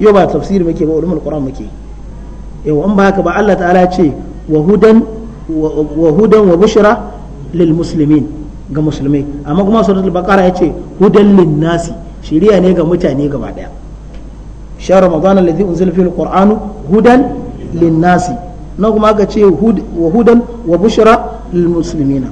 [SPEAKER 1] yau ba tafsiri muke ba ulumul qur'an muke yau an ba haka ba Allah ta'ala ce wa hudan wa hudan wa bushara lil muslimin ga musulmai amma kuma suratul baqara yace hudan linnasi shiriya ne ga mutane gaba daya shahr ramadan alladhi unzila fihi alquran hudan linnasi na kuma aka ce wa hudan wa bushra lil muslimina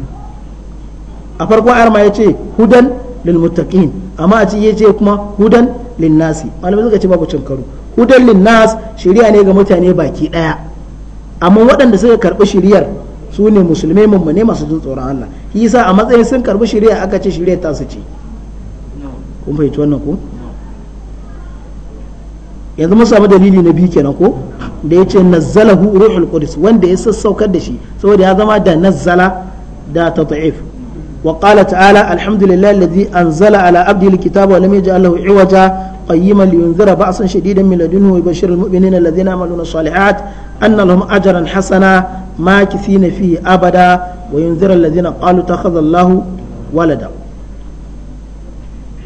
[SPEAKER 1] a farko ayar ma yace hudan lil muttaqin amma a ce yace kuma hudan linnasi malamai suka ce babu cin karo hudan linnas shiriya ne ga mutane baki daya amma waɗanda suka karɓi shiriyar su ne musulmai mummune masu jin tsoron Allah shi yasa a matsayin sun karbi shari'a aka ce shari'a ta su ce kun fahimci wannan ko yanzu mun samu dalili na biyu kenan ko da ya ce nazzalahu ruhul qudus wanda ya sassaukar da shi saboda ya zama da nazzala da tata'if wa qala ta'ala alhamdulillahi alladhi anzala ala abdihi alkitaba wa lam yaj'al lahu iwaja قيما لينذر بأسا شديدا من لدنه ويبشر المؤمنين الذين يعملون الصالحات أن لهم أجرا حسنا makisina fi abada wa yunzira allazina qalu takhadha Allahu walada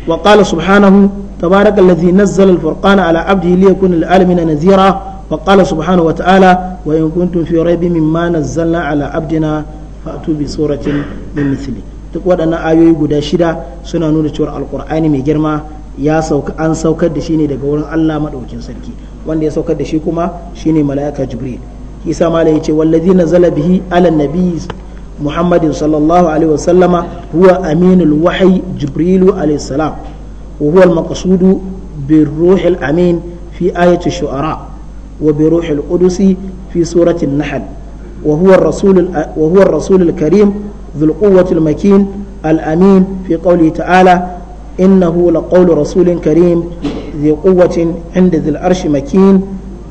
[SPEAKER 1] wa qala subhanahu tabaraka allazi nazzala al-furqana ala abdihi liyakuna lil-alamina nazira wa qala subhanahu wa ta'ala wa in kuntum fi raybin mimma nazzalna ala abdina fa'tu bi suratin duk wadannan ayoyi guda shida suna nuna cewa alqur'ani mai girma ya an saukar da shi ne daga wurin Allah madaukin sarki wanda ya saukar da shi kuma shine mala'ika jibril isa ma ya ce wallazi nazala bihi ala nabi muhammadin sallallahu alaihi huwa aminul wahyi jibrilu alaihi salam wa huwa al bi amin fi ayati shu'ara wa bi ruhil qudusi fi surati an-nahl wa huwa ar-rasul wa al amin fi القوة ta'ala الأمين في قوله تعالى إنه لقول رسول كريم ذي قوة عند ذي العرش مكين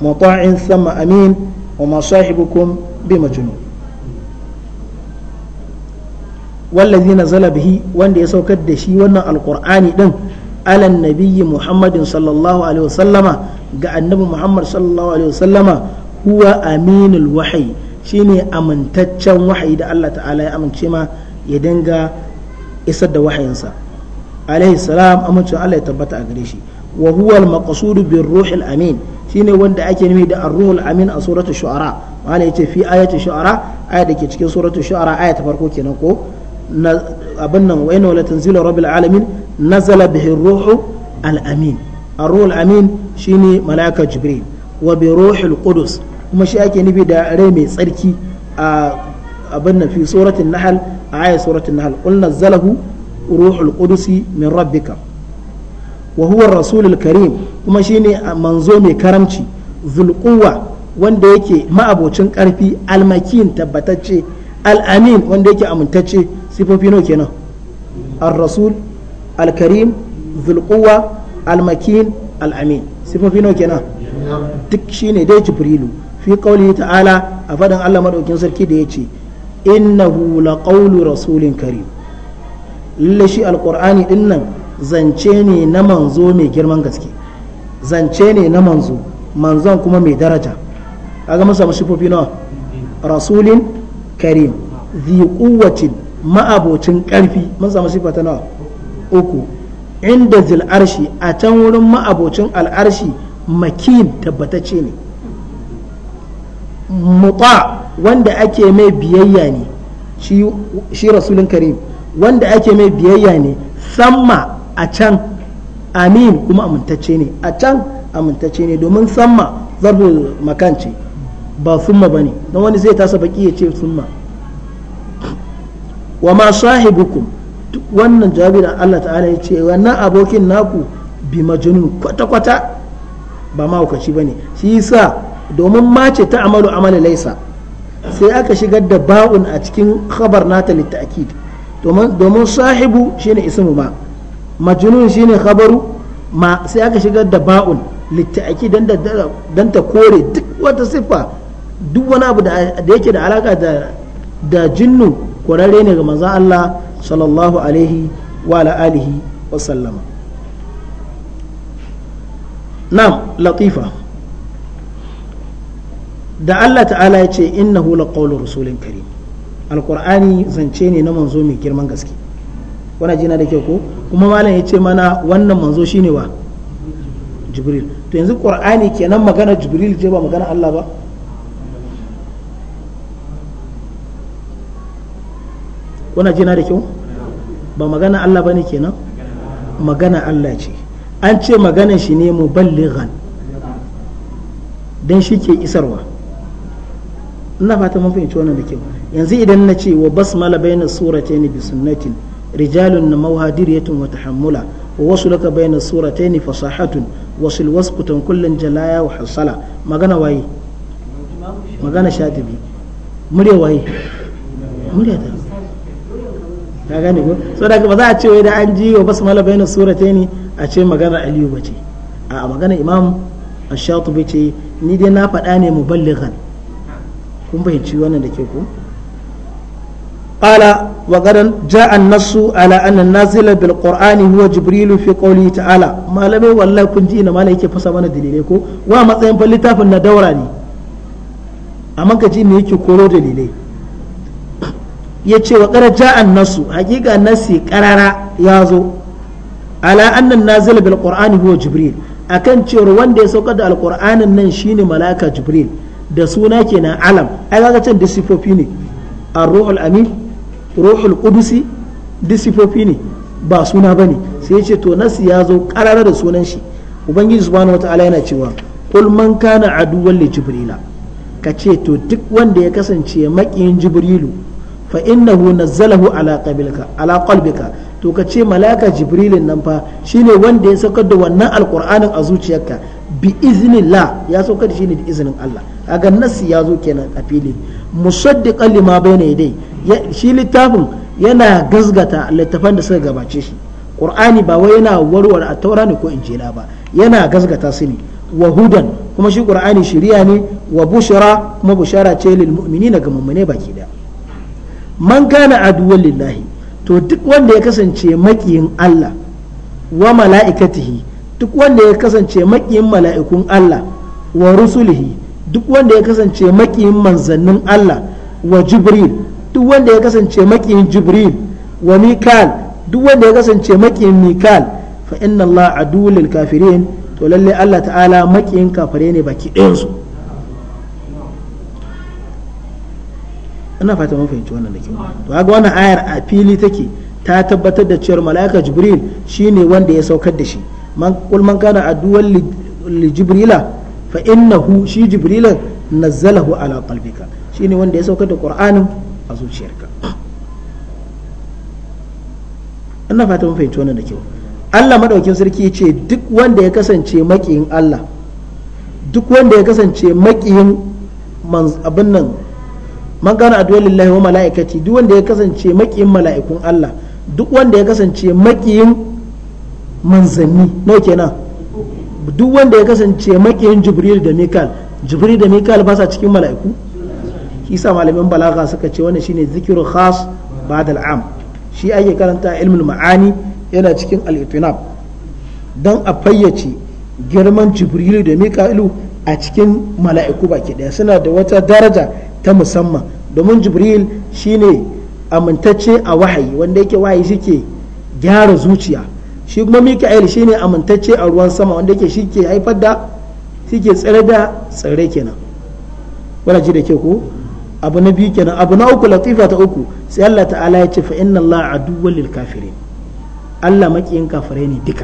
[SPEAKER 1] مطاع ثم أمين وما صاحبكم بمجنون wallazi nazala bihi wanda ya saukar da shi wannan alkur'ani din alan nabiyyi muhammadin sallallahu alaihi wasallama ga annabi muhammad sallallahu alaihi wasallama huwa aminul wahyi shine amintaccen wahayi da Allah ta'ala ya amince ma ya dinga isar da wahayinsa alaihi salam amincin Allah ya tabbata a gare shi wa huwa al bir ruhil amin shine wanda ake nufi da ar-ruhul amin a suratul shu'ara wani yace fi ayati shu'ara aya da ke cikin suratul shu'ara aya ta farko kenan ko abin nan wa inna la tanzilu rabbil alamin nazala bihi ruhu al-amin ar-ruhul amin shine malaika jibril wa bi ruhil qudus kuma shi ake nufi da rai mai tsarki a abin nan fi suratul nahl a ayat suratul nahl qul nazalahu ruhul qudusi min rabbika wa huwa ar-rasulul karim kuma shine manzo mai karamci zulquwa wanda yake ma'abocin karfi almakin tabbatacce al'amin wanda yake amintacce sifofi nawa kenan ar-rasul al-karim zulquwa almakin al'amin sifofi nawa kenan duk shine dai jibrilu fi qawlihi ta'ala a fadin Allah madaukin sarki da yace innahu laqawlu rasulin karim lalle shi alqur'ani dinnan zance ne na manzo mai girman gaske zance ne na manzo manzon kuma mai daraja kaga masa samu sifofi nawa rasulin karim zi quwwatin ma'abocin karfi masa samu sifa ta nawa uku inda zil arshi a can wurin ma'abocin al'arshi makin tabbatacce ne muta wanda ake mai biyayya ne shi rasulun karim wanda ake mai biyayya ne samma a can amin kuma amintacce ne a can amintacce ne domin samma zarfin makan ce ba summa ba ne don wani zai tasa baki ya ce summa wa ma sahibukum wannan jabira Allah ta'ala ya ce wannan abokin naku bi majnun kwata-kwata ba mahaukaci ba ne shi yasa domin mace ta amalu amala laisa sai aka shigar da ba'un a cikin khabar nata litta'kid domin sahibu shine ismu ma majnun shine khabaru ma sai aka shigar da ba'un litta'aki dan ta kore duk wata siffa duk wani abu da yake da alaka da da jinnu kwararre ne ga manzon Allah sallallahu alaihi wa alihi wa sallama na'am latifa da Allah ta'ala ya ce innahu laqawlu rasulin karim alqur'ani zance ne na manzo mai girman gaske kuna jina da kyau ko kuma malam ya ce mana wannan manzo shine wa jibril to yanzu qur'ani kenan magana jibril ce ba magana Allah ba kuna jina da kyau ba magana Allah ba ne kenan magana Allah ce an ce magana shi ne mu muballighan don shi ke isarwa ina fata mun fahimci wannan da kyau yanzu idan na ce wa basmala bayna suratayn bi sunnatin رجال موهادرية وتحملا ووصلك بين الصورتين فصاحة وصل وسقط كل جلايا ما قنا واي ما قنا شاتبي مريا واي مريا ba za a ce wai da an ji wa basmala bayanin surataini a ce magana imam ash-shatibi ce ni dai na faɗa ne fahimci wannan da قال وقد جاء النص على أن النازل بالقران هو جبريل في قوله تعالى ما لم والله كنت إن ما لك فسا فسبنا دليلكو وما صين فلتاف الندوراني اما كجي ني يكي كورو دليلي يتشي وقد جاء النص حقيقه النص قرارا يازو على ان النازل بالقران هو جبريل akan cewar wanda ya saukar da alkur'anin nan shine malaka jibril da suna kenan alam ai kaga can da sifofi ne ar-ruhul amin ruhul qudusi duk ne ba suna bane sai yace to nasi ya zo karara da sunan shi ubangiji subhanahu wataala yana cewa kul man kana aduwwan li jibrila kace to duk wanda ya kasance makiyin jibrilu fa innahu nazzalahu ala qabilka ala qalbika to ka ce malaka jibrilin nan fa shine wanda ya saukar da wannan alkur'anin a zuciyarka bi iznillah ya saukar da ne da izinin Allah kaga nasi ya zo kenan a fili musaddiqan lima bayna yadai shi littafin yana gazgata littafan da suka gabace shi qur'ani ba wai yana warware a taura ne ko injila ba yana gazgata su ne wa hudan kuma shi qur'ani shiriya ne wa bushara kuma bushara ce lil mu'minina ga mu'mine baki da man kana aduwwan lillahi to duk wanda ya kasance makiyin Allah wa mala'ikatihi duk wanda ya kasance makiyin mala'ikun Allah wa rusulihi duk wanda ya kasance makiyin manzannin Allah wa jibril duk wanda ya kasance makiyin jibril wa mikal duk wanda ya kasance makiyin mikal fa inna Allah lil kafirin to lalle Allah ta'ala makiyin kafare ne baki su ina fata mun fahimci wannan da kyau to kaga wannan ayar a fili take ta tabbatar da cewar mala'ika jibril shine wanda ya saukar da shi man kul man kana adul lil jibrila fa innahu shi jibrilan nazzalahu ala qalbika shine wanda ya saukar da qur'anin a zuciyarka ina fata mun fahimci wannan da kyau Allah madaukin sarki ce duk wanda ya kasance makiyin Allah duk wanda ya kasance makiyin abin nan man gana addu'a lillahi wa mala'ikati duk wanda ya kasance makiyin mala'ikun Allah duk wanda ya kasance makiyin manzanni nawa kenan duk wanda ya kasance makiyin jibril da mikal jibril da mikal ba sa cikin mala'iku shi sa malamin balaga suka ce wannan shine zikiru khas badal al'am shi ake karanta ilmul ma'ani yana cikin al don dan a fayyace girman jibril da mika'ilu a cikin mala'iku baki daya suna da wata daraja ta musamman domin jibril shine amintacce a wahayi wanda yake wahayi shike gyara zuciya shi kuma mika'il shine amintacce a ruwan sama wanda yake ke haifar da shike tsare da tsare kenan wani ji da ke ku. abu na biyu kenan abu na uku latifa ta uku sai Allah ta'ala ya ce fa inna Allah aduwwal lil kafirin Allah makiyin kafirai ne duka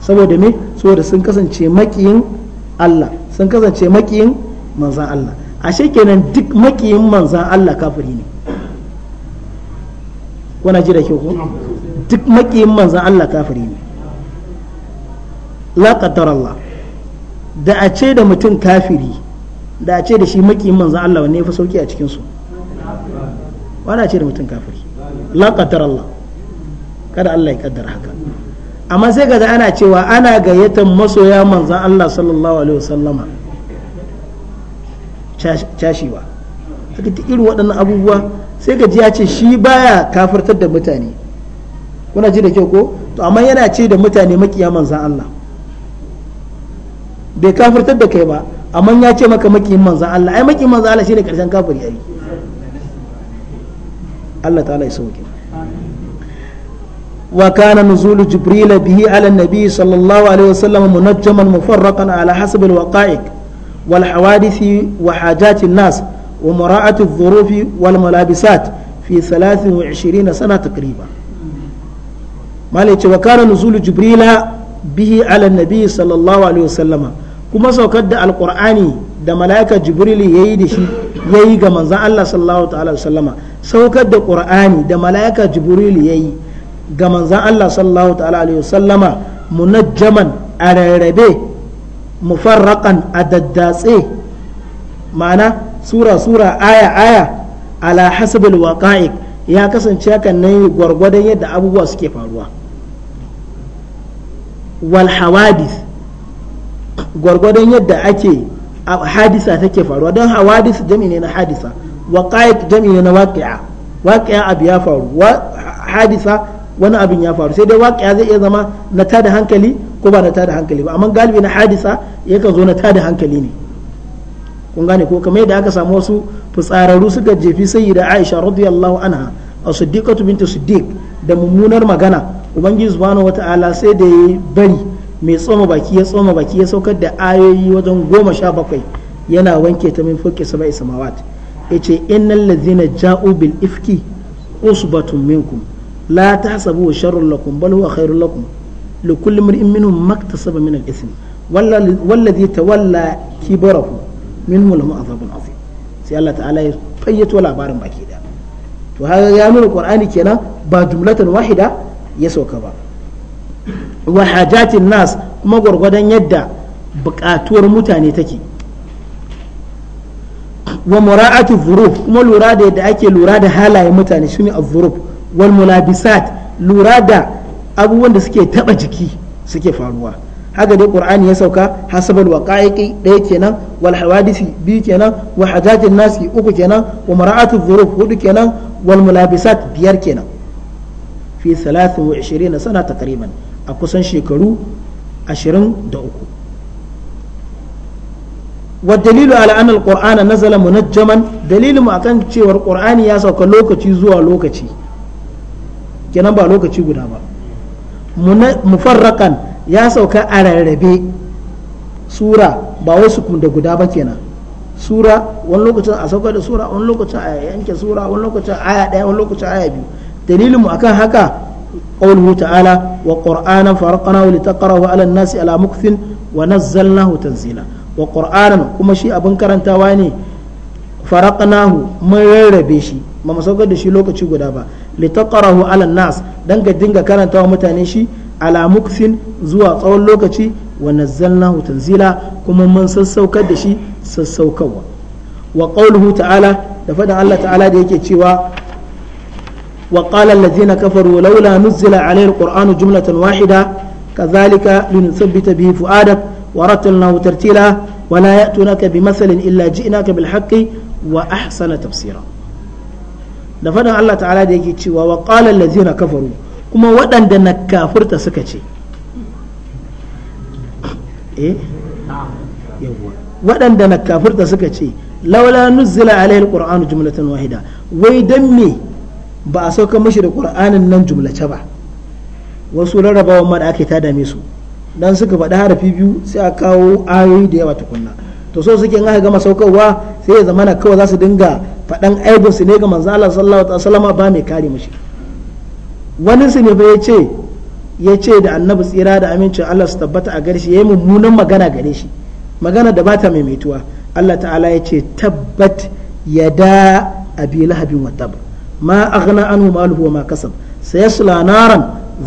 [SPEAKER 1] saboda me saboda sun kasance makiyin Allah sun kasance makiyin manzan Allah ashe kenan duk makiyin manzan Allah kafiri ne kuna ji da kyau ko duk makiyin manzan Allah kafiri ne la qaddar Allah da a ce da mutum kafiri da a ce da shi maki manzan Allah wanne ya fi sauki a cikinsu wanda ce da mutum kafiri la qaddar Allah kada Allah ya kaddara haka amma sai ga ana cewa ana gayyatar masoya manzan Allah sallallahu alaihi wasallama cashewa haka ta irin waɗannan abubuwa sai ga ya ce shi baya kafirtar da mutane kuna ji da kyau ko to amma yana ce da mutane makiya manzan Allah bai kafirtar da kai ba amma ya ce maka makiyin manzan Allah ai makiyin manzan Allah shine karshen kafiri ai Allah ta'ala ya sauke wa kana nuzulu jibril bihi ala nabi sallallahu alaihi wasallam munajjaman mufarraqan ala hasab alwaqa'iq wal hawadith wa hajat an-nas wa mura'at adh-dhuruf wal malabisat fi 23 sana taqriban malai ce wa kana nuzulu jibrila bihi ala nabi sallallahu alaihi wasallama kuma saukar da alkur'ani da mala'ika jibril ya yi da shi ya yi ga manzan allah sallallahu ta'ala sallama saukar da ƙur'ani da mala'ika jibril ya yi ga manzan allah sallallahu ta'ala sallama munajjaman a rarrabe mufarraqan a daddatse ma'ana sura sura aya aya ala hasabil waqa'iq ya kasance hakan ne gwargwadon yadda abubuwa suke faruwa wal hawadith gwargwadon yadda ake hadisa take faruwa don hawadis jami ne na hadisa ƙayat jami ne na waqi'a waqi'a abu ya faru hadisa wani abin ya faru sai dai waqi'a zai iya zama na tada hankali ko ba na tada hankali ba amma galibi na hadisa yakan zo na tada hankali ne kun gane ko kamar yadda aka samu wasu fitsararru suka jefi sayyida Aisha radiyallahu anha as-siddiqatu bintu siddiq da mummunar magana ubangiji subhanahu wata'ala sai da ya bari mai tsoma baki ya tsoma baki ya saukar da ayoyi wajen goma sha bakwai yana wanke ta min fuke saba samawat yace innal ladzina ja'u bil ifki usbatun minkum la tahsabu sharrun lakum bal huwa khairul lakum likulli imrin minhum maktasaba min al ithm والذي تولى كبره منه له عذاب عظيم sai Allah ta'ala ya fayyato labarin baki da to haka ya nuna qur'ani kenan ba jumlatan wahida ya sauka ba wa hajatin nas kuma gwargwadon yadda buƙatuwar mutane take wa mura'atu zuruf kuma lura da yadda ake lura da halayen mutane shine az-zuruf wal mulabisat lura da abubuwan da suke taba jiki suke faruwa haka dai qur'ani ya sauka hasabal waqa'iqi ɗaya kenan wal hawadisi bi kenan wa hajatin nasi uku kenan wa mura'atu zuruf hudu kenan wal mulabisat biyar kenan fi 23 sana takriban a kusan shekaru ashirin da uku wa dalilu ala anna alqur'ana nazala munajjaman dalilu kan cewar qur'ani ya sauka lokaci zuwa lokaci kenan ba lokaci guda ba mufarrakan ya sauka a rarrabe sura ba wasu sukun da guda ba kenan sura wani lokacin a sauka da sura wani lokacin a yanke sura wani lokacin aya daya wani lokacin aya biyu dalilin mu akan haka قوله تعالى وقرآنا فرقناه لتقرأه على الناس على مكث ونزلناه تنزيلا وقرآنا كما شيء أبن كرنتا واني فرقناه ما يربيشي ما مسوكر دشي لوكا تشيكو دابا لتقرأه على الناس دنك دنك كرنتا ومتانيشي على مكث زوا طول لوكا تشي ونزلناه تنزيلا كما من سسوكا دشي سسوكوا وقوله تعالى دفدع الله تعالى ديكي تشيوا وقال الذين كفروا لولا نزل عليه القرآن جملة واحدة كذلك لنثبت به فؤادك ورتلناه ترتيلا ولا يأتونك بمثل إلا جئناك بالحق وأحسن تفسيرا da faɗin Allah ta'ala da yake cewa wa ƙalar lazina kafaru kuma waɗanda na kafurta suka ce eh? waɗanda na kafurta suka ce laula nuzzila wai dan me ba a sauka mashi da ƙur'anin nan jumlace ba wasu rarrabawan ma da aka ta dame su dan suka faɗi harafi biyu sai a kawo ayoyi da yawa tukunna to so suke in aka gama saukarwa sai ya zamana kawai za su dinga faɗan aibin su ne ga manzo Allah sallallahu alaihi ba mai kare mashi wani su ne ba ya ce ya ce da annabi tsira da amincin Allah su tabbata a gare shi yayi mummunan magana gare shi magana da ba ta maimaituwa Allah ta'ala ya ce tabbat yada abi lahabin wa tabbat ما أغنى عنه ماله وما كسب سيصلى نارا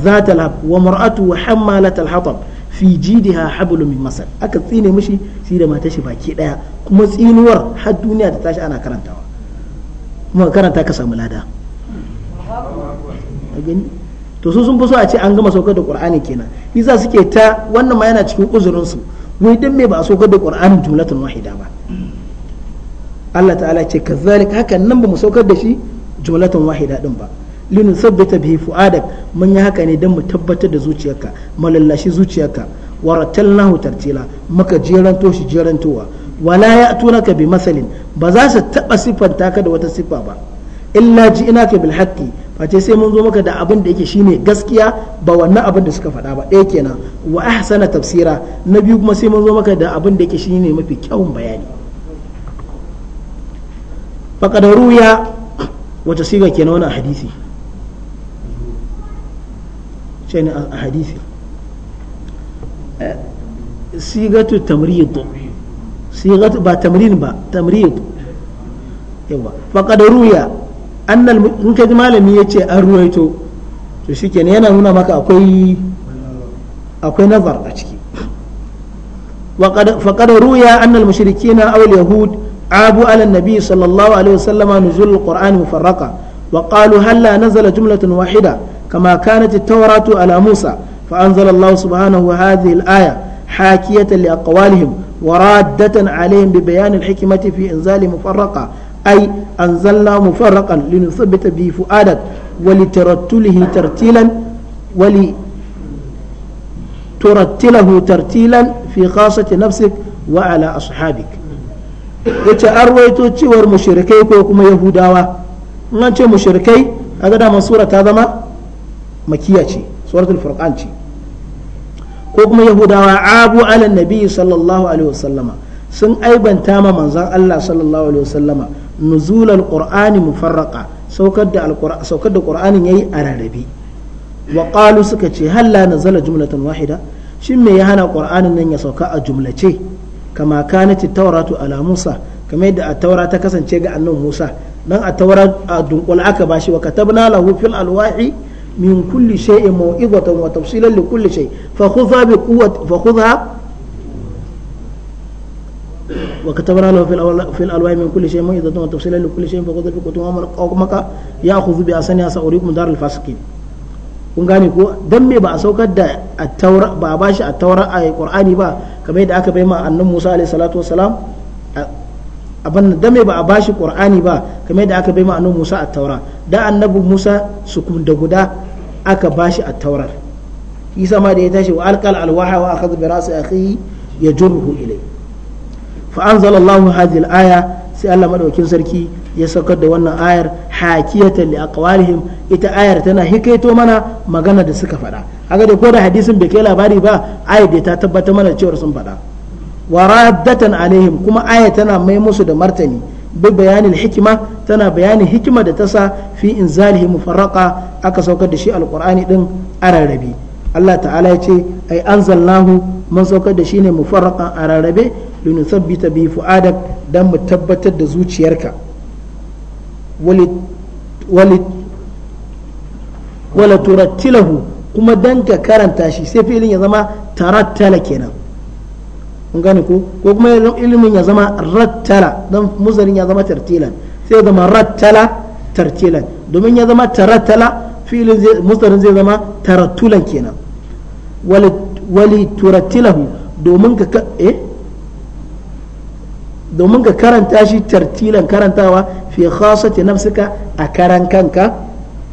[SPEAKER 1] ذات لهب ومرأته حمالة الحطب في جيدها حبل من مسد أكا تسيني مشي سيدة ما تشي باكي دايا كما تسيني ور حد دنيا تتاشي أنا كرنتها كما كرنتها كسام لادا to su sun fi so a ce an gama saukar da qur'ani kenan yasa suke ta wannan ma yana cikin uzurin su wai dan me ba a saukar da qur'ani jumlatan wahida ba Allah ta'ala ce kazalik hakan nan ba mu saukar da shi jumlatan wahida din ba lin sabbata bi fu'adak mun yi haka ne dan mu tabbatar da zuciyarka malallashi zuciyarka waratalnahu tartila maka jeranto shi jerantowa wala ya'tunaka bi masalin ba za su taba sifanta ka da wata siffa ba illa ji'naka bil haqqi face sai mun zo maka da abin da yake shine gaskiya ba wannan abin da suka faɗa ba ɗaya kenan wa ahsana tafsira na biyu kuma sai mun zo maka da abin da yake shine mafi kyawun bayani faqad ruya wata siga kenan wani ahadisi hadisi ne a sigatu tamridu sigatu ba tamrin ba tamridu yawa faqad ruya annal in ka ji malami yace an ruwaito to shi shikenan yana nuna maka akwai akwai nazar a ciki faqad ruya annal mushrikina aw al yahud عابوا على النبي صلى الله عليه وسلم نزول القرآن مفرقا وقالوا هلا لا نزل جملة واحدة كما كانت التوراة على موسى فأنزل الله سبحانه هذه الآية حاكية لأقوالهم ورادة عليهم ببيان الحكمة في إنزال مفرقة أي أنزلنا مفرقا لنثبت به فؤادك ولترتله ترتيلا ولترتله ترتيلا في خاصة نفسك وعلى أصحابك yace an rawaito cewar mushrikai ko kuma yahudawa in an ce mushrikai kaga da sura ta zama makiya ce suratul furqan ce ko kuma yahudawa abu ala nabi sallallahu alaihi wasallama sun aibanta ma manzon Allah sallallahu alaihi wasallama nuzul alqur'ani mufarraqa saukar da alqur'ani saukar da qur'anin yayi a wa qalu suka ce halla nazala jumlatan wahida shin me ya hana qur'anin nan ya sauka a jumlace kama kanat tauratu ala musa kamar yadda a taura ta kasance ga annabi musa dan a taura a dunkul aka bashi wa katabna lahu fil alwahi min kulli shay'in maw'izatan wa tafsilan li kulli shay fa khudha bi quwwati fa khudha وكتبنا له في في الالواح من كل شيء موعظه وتفصيلا kun gane ko dan me ba a saukar da attaura ba a bashi a attaura a qur'ani ba kamar yadda aka bai ma annabi Musa alaihi salatu wasalam abin dan me ba a bashi qur'ani ba kamar yadda aka bai ma annabi Musa a taura da annabi Musa sukun da guda aka bashi a attaurar isa ma da ya tashi wa alqal alwaha wa akhadha bi ra'si akhihi yajruhu ilay fa anzala Allahu hadhihi al-aya sai Allah madaukin sarki ya saukar da wannan ayar hakiyatan li aqwalihim ita ayar tana hikaito mana magana da suka faɗa haka da ko da hadisin bai kai labari ba ayar da ta tabbatar mana cewa sun faɗa wa raddatan alaihim kuma ayar tana mai musu da martani bi bayanin hikima tana bayanin hikima da tasa fi inzalihi mufarraqa aka saukar da shi alqur'ani din ararrabe Allah ta'ala ya ce ai anzalnahu mun saukar da shi ne mufarraqan ararrabe linusabbita bi fu'adak dan mu tabbatar da zuciyarka wala turattilahu kuma dan ka karanta shi sai filin ya zama tarattala kenan kun gane ko ko kuma ilimin ya zama rattala dan muzarin ya zama tartilan sai zama rattala tartilan domin ya zama tarattala filin muzarin zai zama tarattulan kenan wali turattilahu domin ka eh domin ka karanta shi tartilan karantawa fi khasati nafsika a karan kanka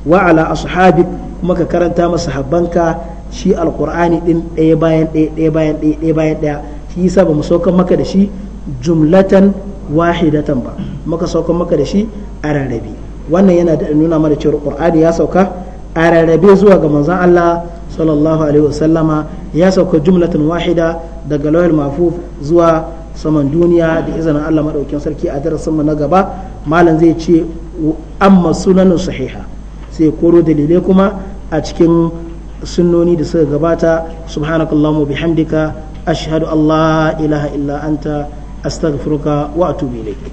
[SPEAKER 1] wa ala ashabik kuma ka karanta masa habbanka shi alqur'ani din ɗaya bayan ɗaya ɗaya bayan ɗaya ɗaya bayan ɗaya shi yasa ba mu saukan maka da shi jumlatan wahidatan ba muka saukan maka da shi a wannan yana da nuna mana cewa qur'ani ya sauka a rarrabe zuwa ga manzon Allah sallallahu alaihi wasallama ya sauka jumlatan wahida daga lawal mafuf zuwa saman duniya da izinin Allah madaukin sarki a darasin mu na gaba malam zai ce amma sunanu sahiha sai koro dalilai kuma a cikin sunnoni da suka gabata subhanakallahumma bihamdika ashhadu an la ilaha illa anta astaghfiruka wa atubu ilaik